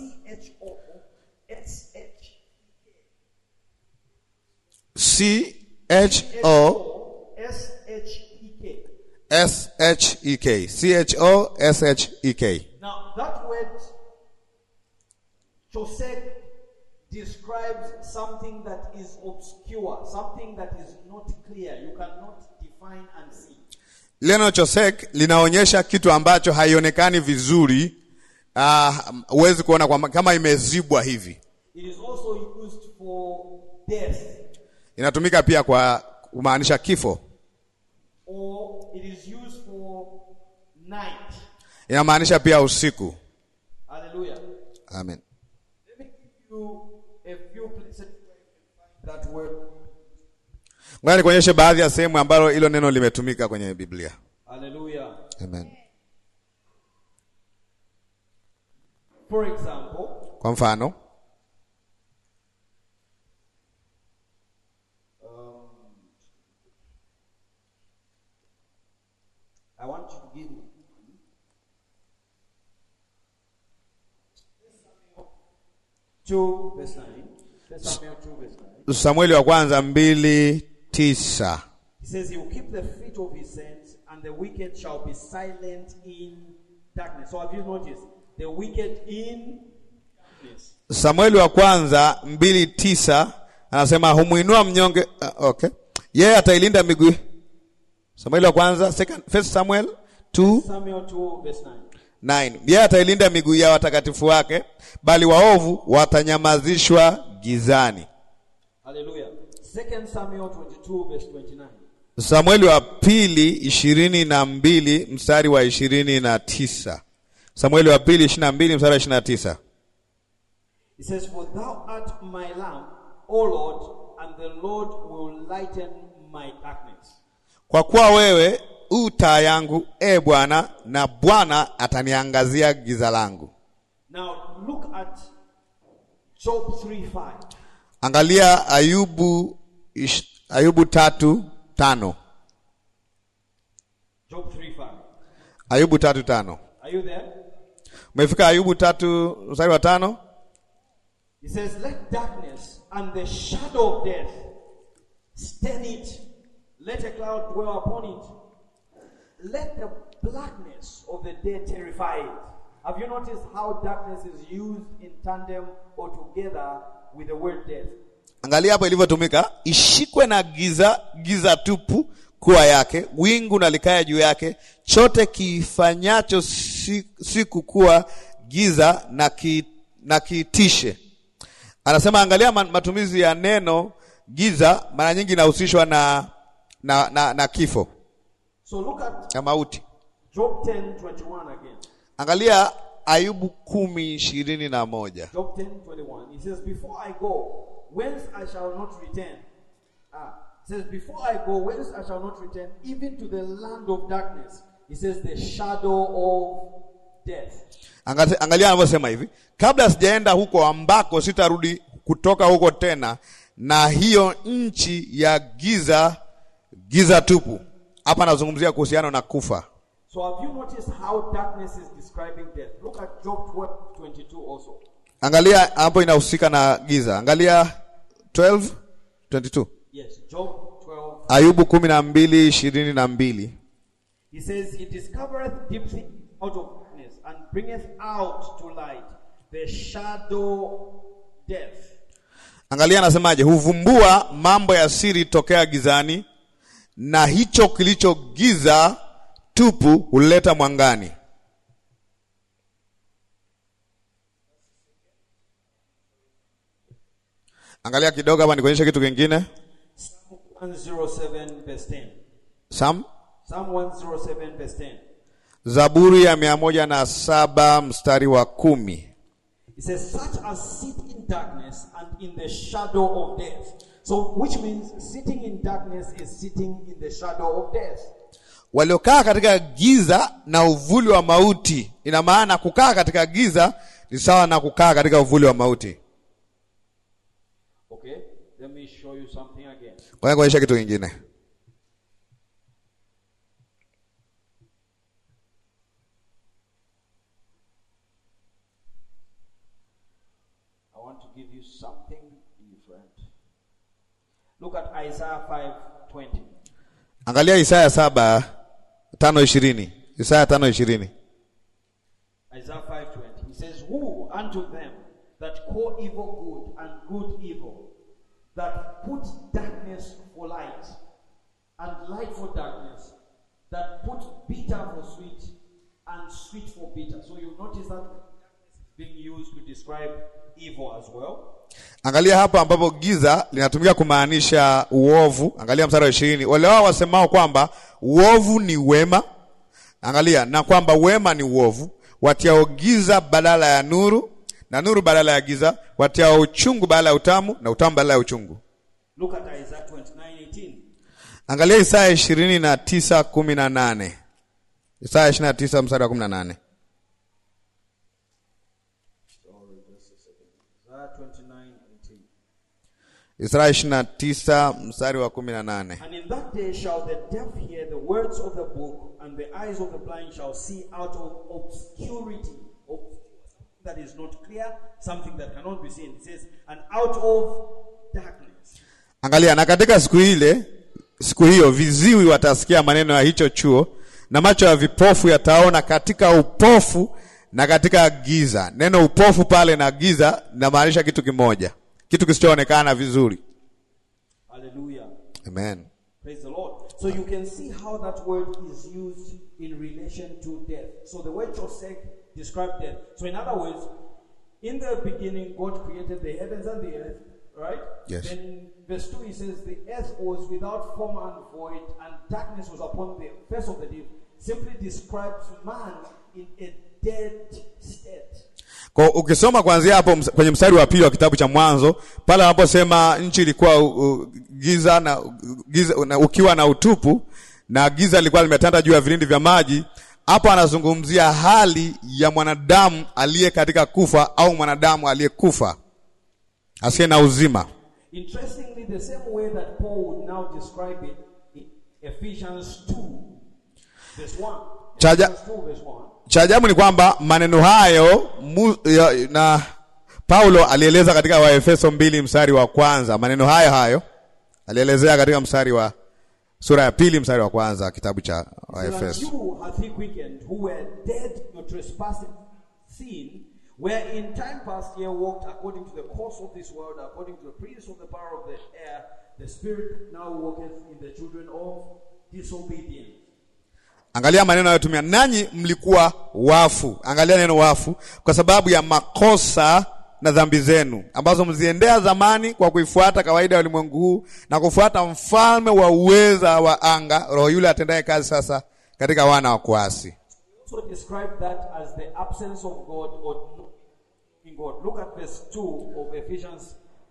C-H-O-S-H-E-K. S-H-E-K. C-H-O-S-H-E-K. Now, that word,
Chosek, describes something that is obscure, something that is not clear. You cannot
define and see. Leno Chosek linaonyesha kitu ambacho haionekani vizuri, ah, huwezi uh, kuona kama imezibwa hivi. It is also used for death. Inatumika pia kwa kumaanisha kifo. Inamaanisha pia usiku. Hallelujah. Amen. Ngoja nikuonyeshe baadhi ya sehemu ambalo hilo neno limetumika kwenye Biblia.
Hallelujah. Amen. For example,
kwa mfano Samueli wa kwanza mbili tisa.
Samueli
wa kwanza mbili tisa anasema humwinua mnyonge. Uh, okay. Yeye yeah, atailinda miguu. Samueli wa kwanza second, first Samuel
2 Samuel 2 verse 9.
9. Yeye atailinda miguu ya watakatifu wake, bali waovu watanyamazishwa gizani.
Haleluya. Samuel
Samueli wa pili 22 mstari wa 29. na Samueli wa pili 22 mstari wa 29. na
It says, For thou art my lamp, O Lord, and the Lord will lighten my
darkness. Kwa kuwa wewe uta yangu, e Bwana, na Bwana ataniangazia giza langu.
Now look at Job 3:5.
Angalia Ayubu Ayubu tatu tano.
Job 3:5.
Ayubu tatu tano. Are you there? Umefika Ayubu tatu mstari wa tano?
He says let darkness and the shadow of death stain it let a cloud dwell upon it let the blackness of the day terrify it. Have you noticed how darkness is used in tandem or together with the word death?
Angalia hapo ilivyotumika, ishikwe na giza, giza tupu kuwa yake, wingu na likaya juu yake, chote kifanyacho siku si kuwa giza na, ki, na kiitishe. Anasema angalia matumizi ya neno giza mara nyingi inahusishwa na na, na na kifo
So look at ya mauti. Job 10:21 again.
Angalia Ayubu kumi ishirini na moja.
Job 10:21. He says before I go whence I shall not return. Ah, he says before I go whence I shall not return even to the land of darkness. He says the shadow of death.
Angalia anavyosema hivi, kabla sijaenda huko ambako sitarudi kutoka huko tena, na hiyo nchi ya giza giza tupu hapa nazungumzia kuhusiana na kufa.
So have you noticed how darkness is describing death? Look at Job 12:22 also.
Angalia hapo inahusika na giza. Angalia 12:22.
Yes, Job 12.
Ayubu 12:22.
He says he discovereth deep out of darkness and bringeth out to light the shadow death.
Angalia anasemaje? Huvumbua mambo ya siri tokea gizani na hicho kilicho giza tupu huleta mwangani. Angalia kidogo hapa nikuonyeshe kitu kingine. Psalm
107 verse
Zaburi ya mia moja na saba mstari wa kumi.
It says, such as sit in darkness and in the shadow of death. So which means sitting in darkness is sitting in the shadow of death.
Waliokaa katika giza na uvuli wa mauti, ina maana kukaa katika giza ni sawa na kukaa katika uvuli wa mauti. Okay, let me show you something again. Ngoja kuonyesha kitu kingine.
Look at Isaiah 5:20.
Angalia Isaya 7:520. 5:20. Isaiah 5:20. He says, "Who unto them
that call evil good and good evil, that put darkness for light and light for darkness, that put bitter for sweet and sweet for bitter." So you notice that
Angalia hapa ambapo giza linatumika kumaanisha uovu. Angalia mstari wa ishirini, wale wao wasemao kwamba uovu ni wema, angalia na kwamba wema ni uovu, watiao giza badala ya nuru na nuru badala ya giza, watiao uchungu badala ya utamu na utamu badala ya uchungu. Look at Isaiah 29:18. Angalia Isaya 29:18. Isaya 29 mstari wa 18. Isaya 29 mstari wa 18. And
in that day shall the deaf hear the words of the book and the eyes of the blind shall see out of obscurity of that is not clear something that cannot be seen. It says and out of
darkness. Angalia, na katika siku ile siku hiyo viziwi watasikia maneno ya hicho chuo na macho ya vipofu yataona katika upofu na katika giza. Neno upofu pale na giza linamaanisha kitu kimoja. kitu kisichoonekana vizuri. Hallelujah. Amen.
Praise the Lord. So you can see how that word is used in relation to death. So the word Josek described death. So in other words, in the beginning God created the heavens and the earth, right? Yes. Then verse 2 he says, The earth was without form and void, and darkness was upon the face of the deep. Simply describes man in a dead state.
Kwa ukisoma kuanzia hapo kwenye mstari wa pili wa kitabu cha Mwanzo pale anaposema nchi ilikuwa giza na, giza na ukiwa na utupu na giza lilikuwa limetanda juu ya vilindi vya maji. Hapo anazungumzia hali ya mwanadamu aliye katika kufa au mwanadamu aliyekufa asiye na uzima.
Interestingly the same way that Paul would now describe it, Ephesians 2 verse 1.
Chaja cha ajabu ni kwamba maneno hayo mu, ya, na Paulo alieleza katika Waefeso mbili mstari wa kwanza. Maneno hayo hayo alielezea katika mstari wa sura ya pili mstari wa kwanza kitabu cha Waefeso.
The Spirit now walketh in the children of disobedience
Angalia maneno anayotumia, nanyi mlikuwa wafu. Angalia neno wafu, kwa sababu ya makosa na dhambi zenu ambazo mziendea zamani kwa kuifuata kawaida ya ulimwengu huu na kufuata mfalme wa uweza wa anga, roho yule atendaye kazi sasa katika wana wa kuasi.
So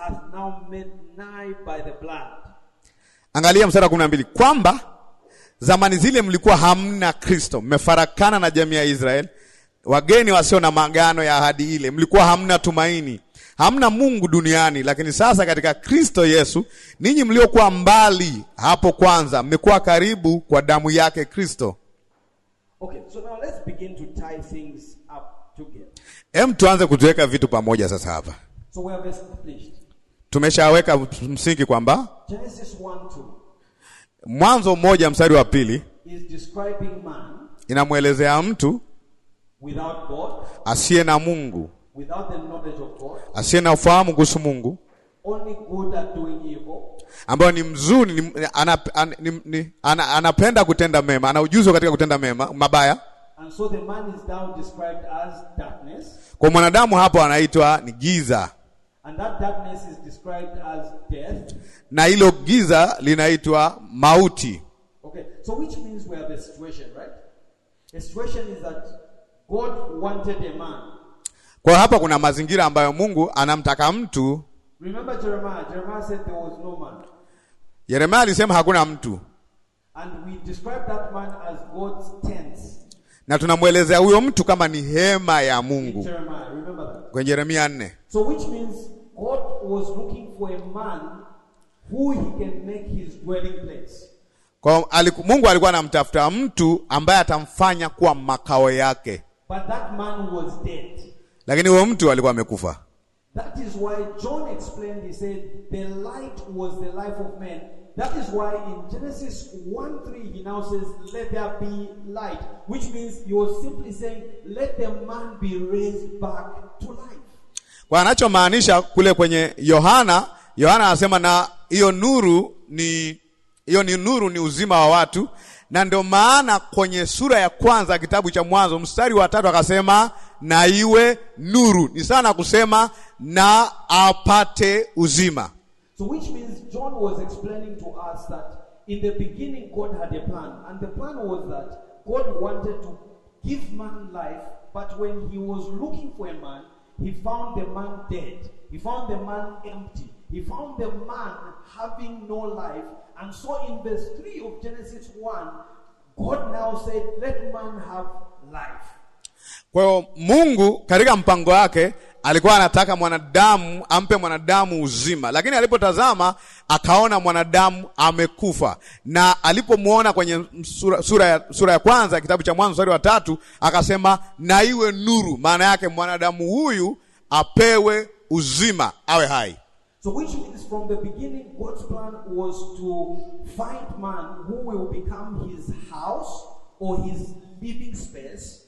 has now made nigh by the blood.
Angalia mstari wa 12 kwamba zamani zile mlikuwa hamna Kristo, mmefarakana na jamii ya Israeli, wageni wasio na magano ya ahadi ile, mlikuwa hamna tumaini, hamna Mungu duniani. Lakini sasa katika Kristo Yesu, ninyi mliokuwa mbali hapo kwanza, mmekuwa karibu kwa damu yake Kristo. Okay,
so now let's begin to tie things up together.
Hem, tuanze kutuweka vitu pamoja sasa hapa.
So we have established
tumeshaweka msingi kwamba Mwanzo mmoja mstari wa pili inamwelezea mtu asiye na Mungu, asiye na ufahamu kuhusu Mungu, ambayo ni mzuri ni, ana, an, ni, ni, ana, anapenda kutenda mema, ana ujuzi katika kutenda mema mabaya. So kwa mwanadamu hapo anaitwa ni giza
And that darkness is described as death.
Na hilo giza linaitwa mauti.
Okay. So which means we have a situation, right? A situation is that God wanted a man.
Kwa hapa kuna mazingira ambayo Mungu anamtaka mtu.
Remember Jeremiah, Jeremiah said there was no man.
Yeremia alisema hakuna mtu.
And we describe that man as God's tent.
Na tunamwelezea huyo mtu kama ni hema ya Mungu. Kwenye Yeremia 4.
So which means God was looking for a man who he can make his dwelling place.
Kwa aliku, Mungu alikuwa anamtafuta mtu ambaye atamfanya kuwa makao yake.
But that man was dead.
Lakini huyo mtu alikuwa amekufa.
That is why John explained he said the light was the life of man. That is why in Genesis 1:3 he now says let there be light, which means he was simply saying let the man be raised back to life.
Kwa anachomaanisha kule kwenye Yohana, Yohana anasema na hiyo nuru ni hiyo ni nuru ni uzima wa watu, na ndio maana kwenye sura ya kwanza kitabu cha Mwanzo mstari wa tatu akasema na iwe nuru, ni sana kusema na apate uzima.
So which means John was explaining to us that in the beginning God had a plan and the plan was that God wanted to give man life but when he was looking for a man He found the man dead. He found the man empty. He found the man having no life. And so in verse 3 of Genesis 1, God now said, let man have life.
Kwa Mungu katika mpango wake alikuwa anataka mwanadamu ampe mwanadamu uzima, lakini alipotazama akaona mwanadamu amekufa. Na alipomwona kwenye sura, sura, ya, sura ya kwanza kitabu cha Mwanzo mstari wa tatu akasema na iwe nuru, maana yake mwanadamu huyu apewe uzima, awe hai.
So which means from the beginning God's plan was to find man who will become his house or his living space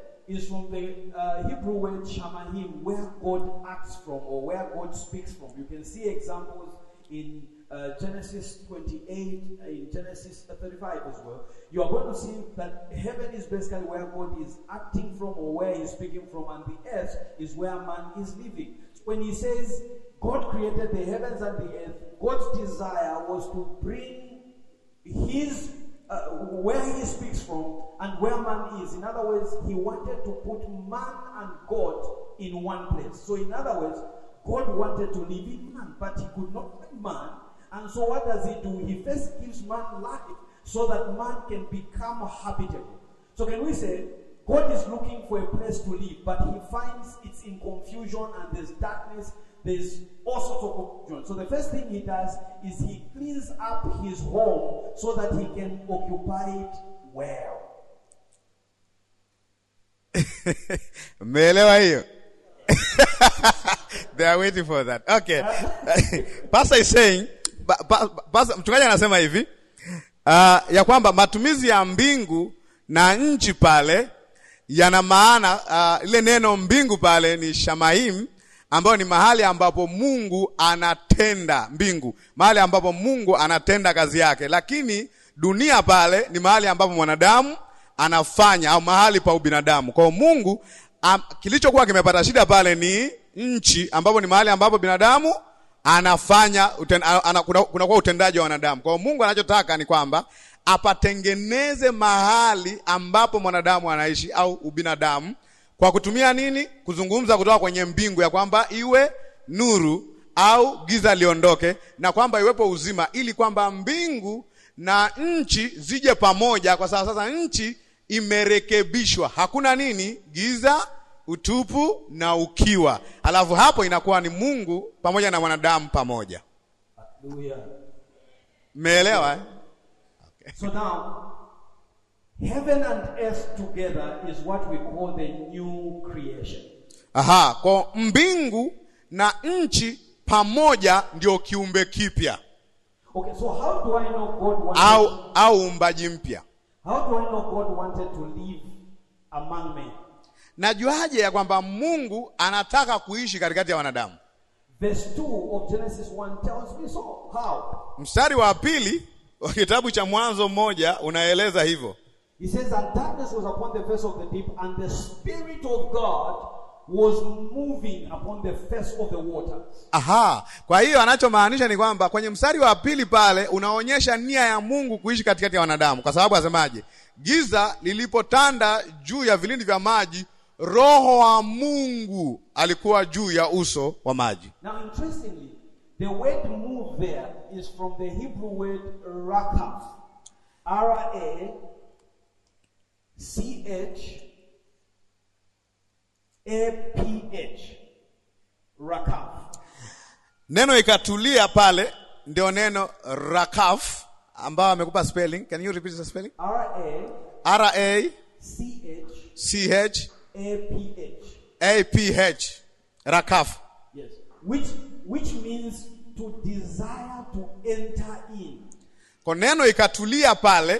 is from the uh, Hebrew word shamahim, where God acts from or where God speaks from. You can see examples in uh, Genesis 28, in Genesis 35 as well. You are going to see that heaven is basically where God is acting from or where he's speaking from, and the earth is where man is living. So when he says God created the heavens and the earth, God's desire was to bring his uh, where he speaks from and where man is. In other words, he wanted to put man and God in one place. So, in other words, God wanted to live in man, but he could not in man. And so, what does he do? He first gives man life so that man can become habitable. So, can we say, God is looking for a place to live, but he finds it's in confusion and there's darkness There's all sorts of confusion. So the first thing he does is he cleans up his home so that he can occupy it well.
Melewa hiyo? They are waiting for that. Okay. Pastor is saying, Pastor mchungaji anasema hivi uh, ya kwamba matumizi ya mbingu na nchi pale yana maana uh, ile neno mbingu pale ni shamaim ambayo ni mahali ambapo Mungu anatenda mbingu, mahali ambapo Mungu anatenda kazi yake. Lakini dunia pale ni mahali ambapo mwanadamu anafanya au mahali pa ubinadamu. Kwa Mungu kilichokuwa kimepata shida pale ni nchi, ambapo ni mahali ambapo binadamu anafanya uten, ana, kuna, kuna kwa utendaji wa wanadamu. Kwa Mungu anachotaka ni kwamba apatengeneze mahali ambapo mwanadamu anaishi au ubinadamu kwa kutumia nini? Kuzungumza kutoka kwenye mbingu ya kwamba iwe nuru au giza liondoke, na kwamba iwepo uzima, ili kwamba mbingu na nchi zije pamoja, kwa sababu sasa nchi imerekebishwa, hakuna nini, giza, utupu na ukiwa. Alafu hapo inakuwa ni Mungu pamoja na wanadamu pamoja.
mmeelewa eh? okay. so now Heaven and earth together is what we call the new creation.
Aha, kwa mbingu na nchi pamoja ndio kiumbe kipya.
Okay, so how do I know God wanted au
au uumbaji mpya? How do I know God wanted to live among men? Najuaje ya kwamba Mungu anataka kuishi katikati ya wanadamu? Verse 2
of Genesis 1 tells me so. How?
Mstari wa pili wa kitabu cha Mwanzo mmoja unaeleza hivyo.
He says, and darkness was upon the face of the deep, and the Spirit of God was moving upon the face of the waters.
Aha, kwa hiyo anachomaanisha ni kwamba kwenye mstari wa pili pale unaonyesha nia ya Mungu kuishi katikati ya wanadamu, kwa sababu asemaje? Giza lilipotanda juu ya vilindi vya maji, Roho wa Mungu alikuwa juu ya uso wa maji.
Now interestingly, the word move there is from the Hebrew word rakaf. R A CH APH Rakaf.
Neno ikatulia pale ndio neno Rakaf ambao amekupa spelling. Can you repeat the spelling? R A R A C H C H A P H A P H Rakaf. Yes. Which
which means to desire to enter in.
Kwa neno ikatulia pale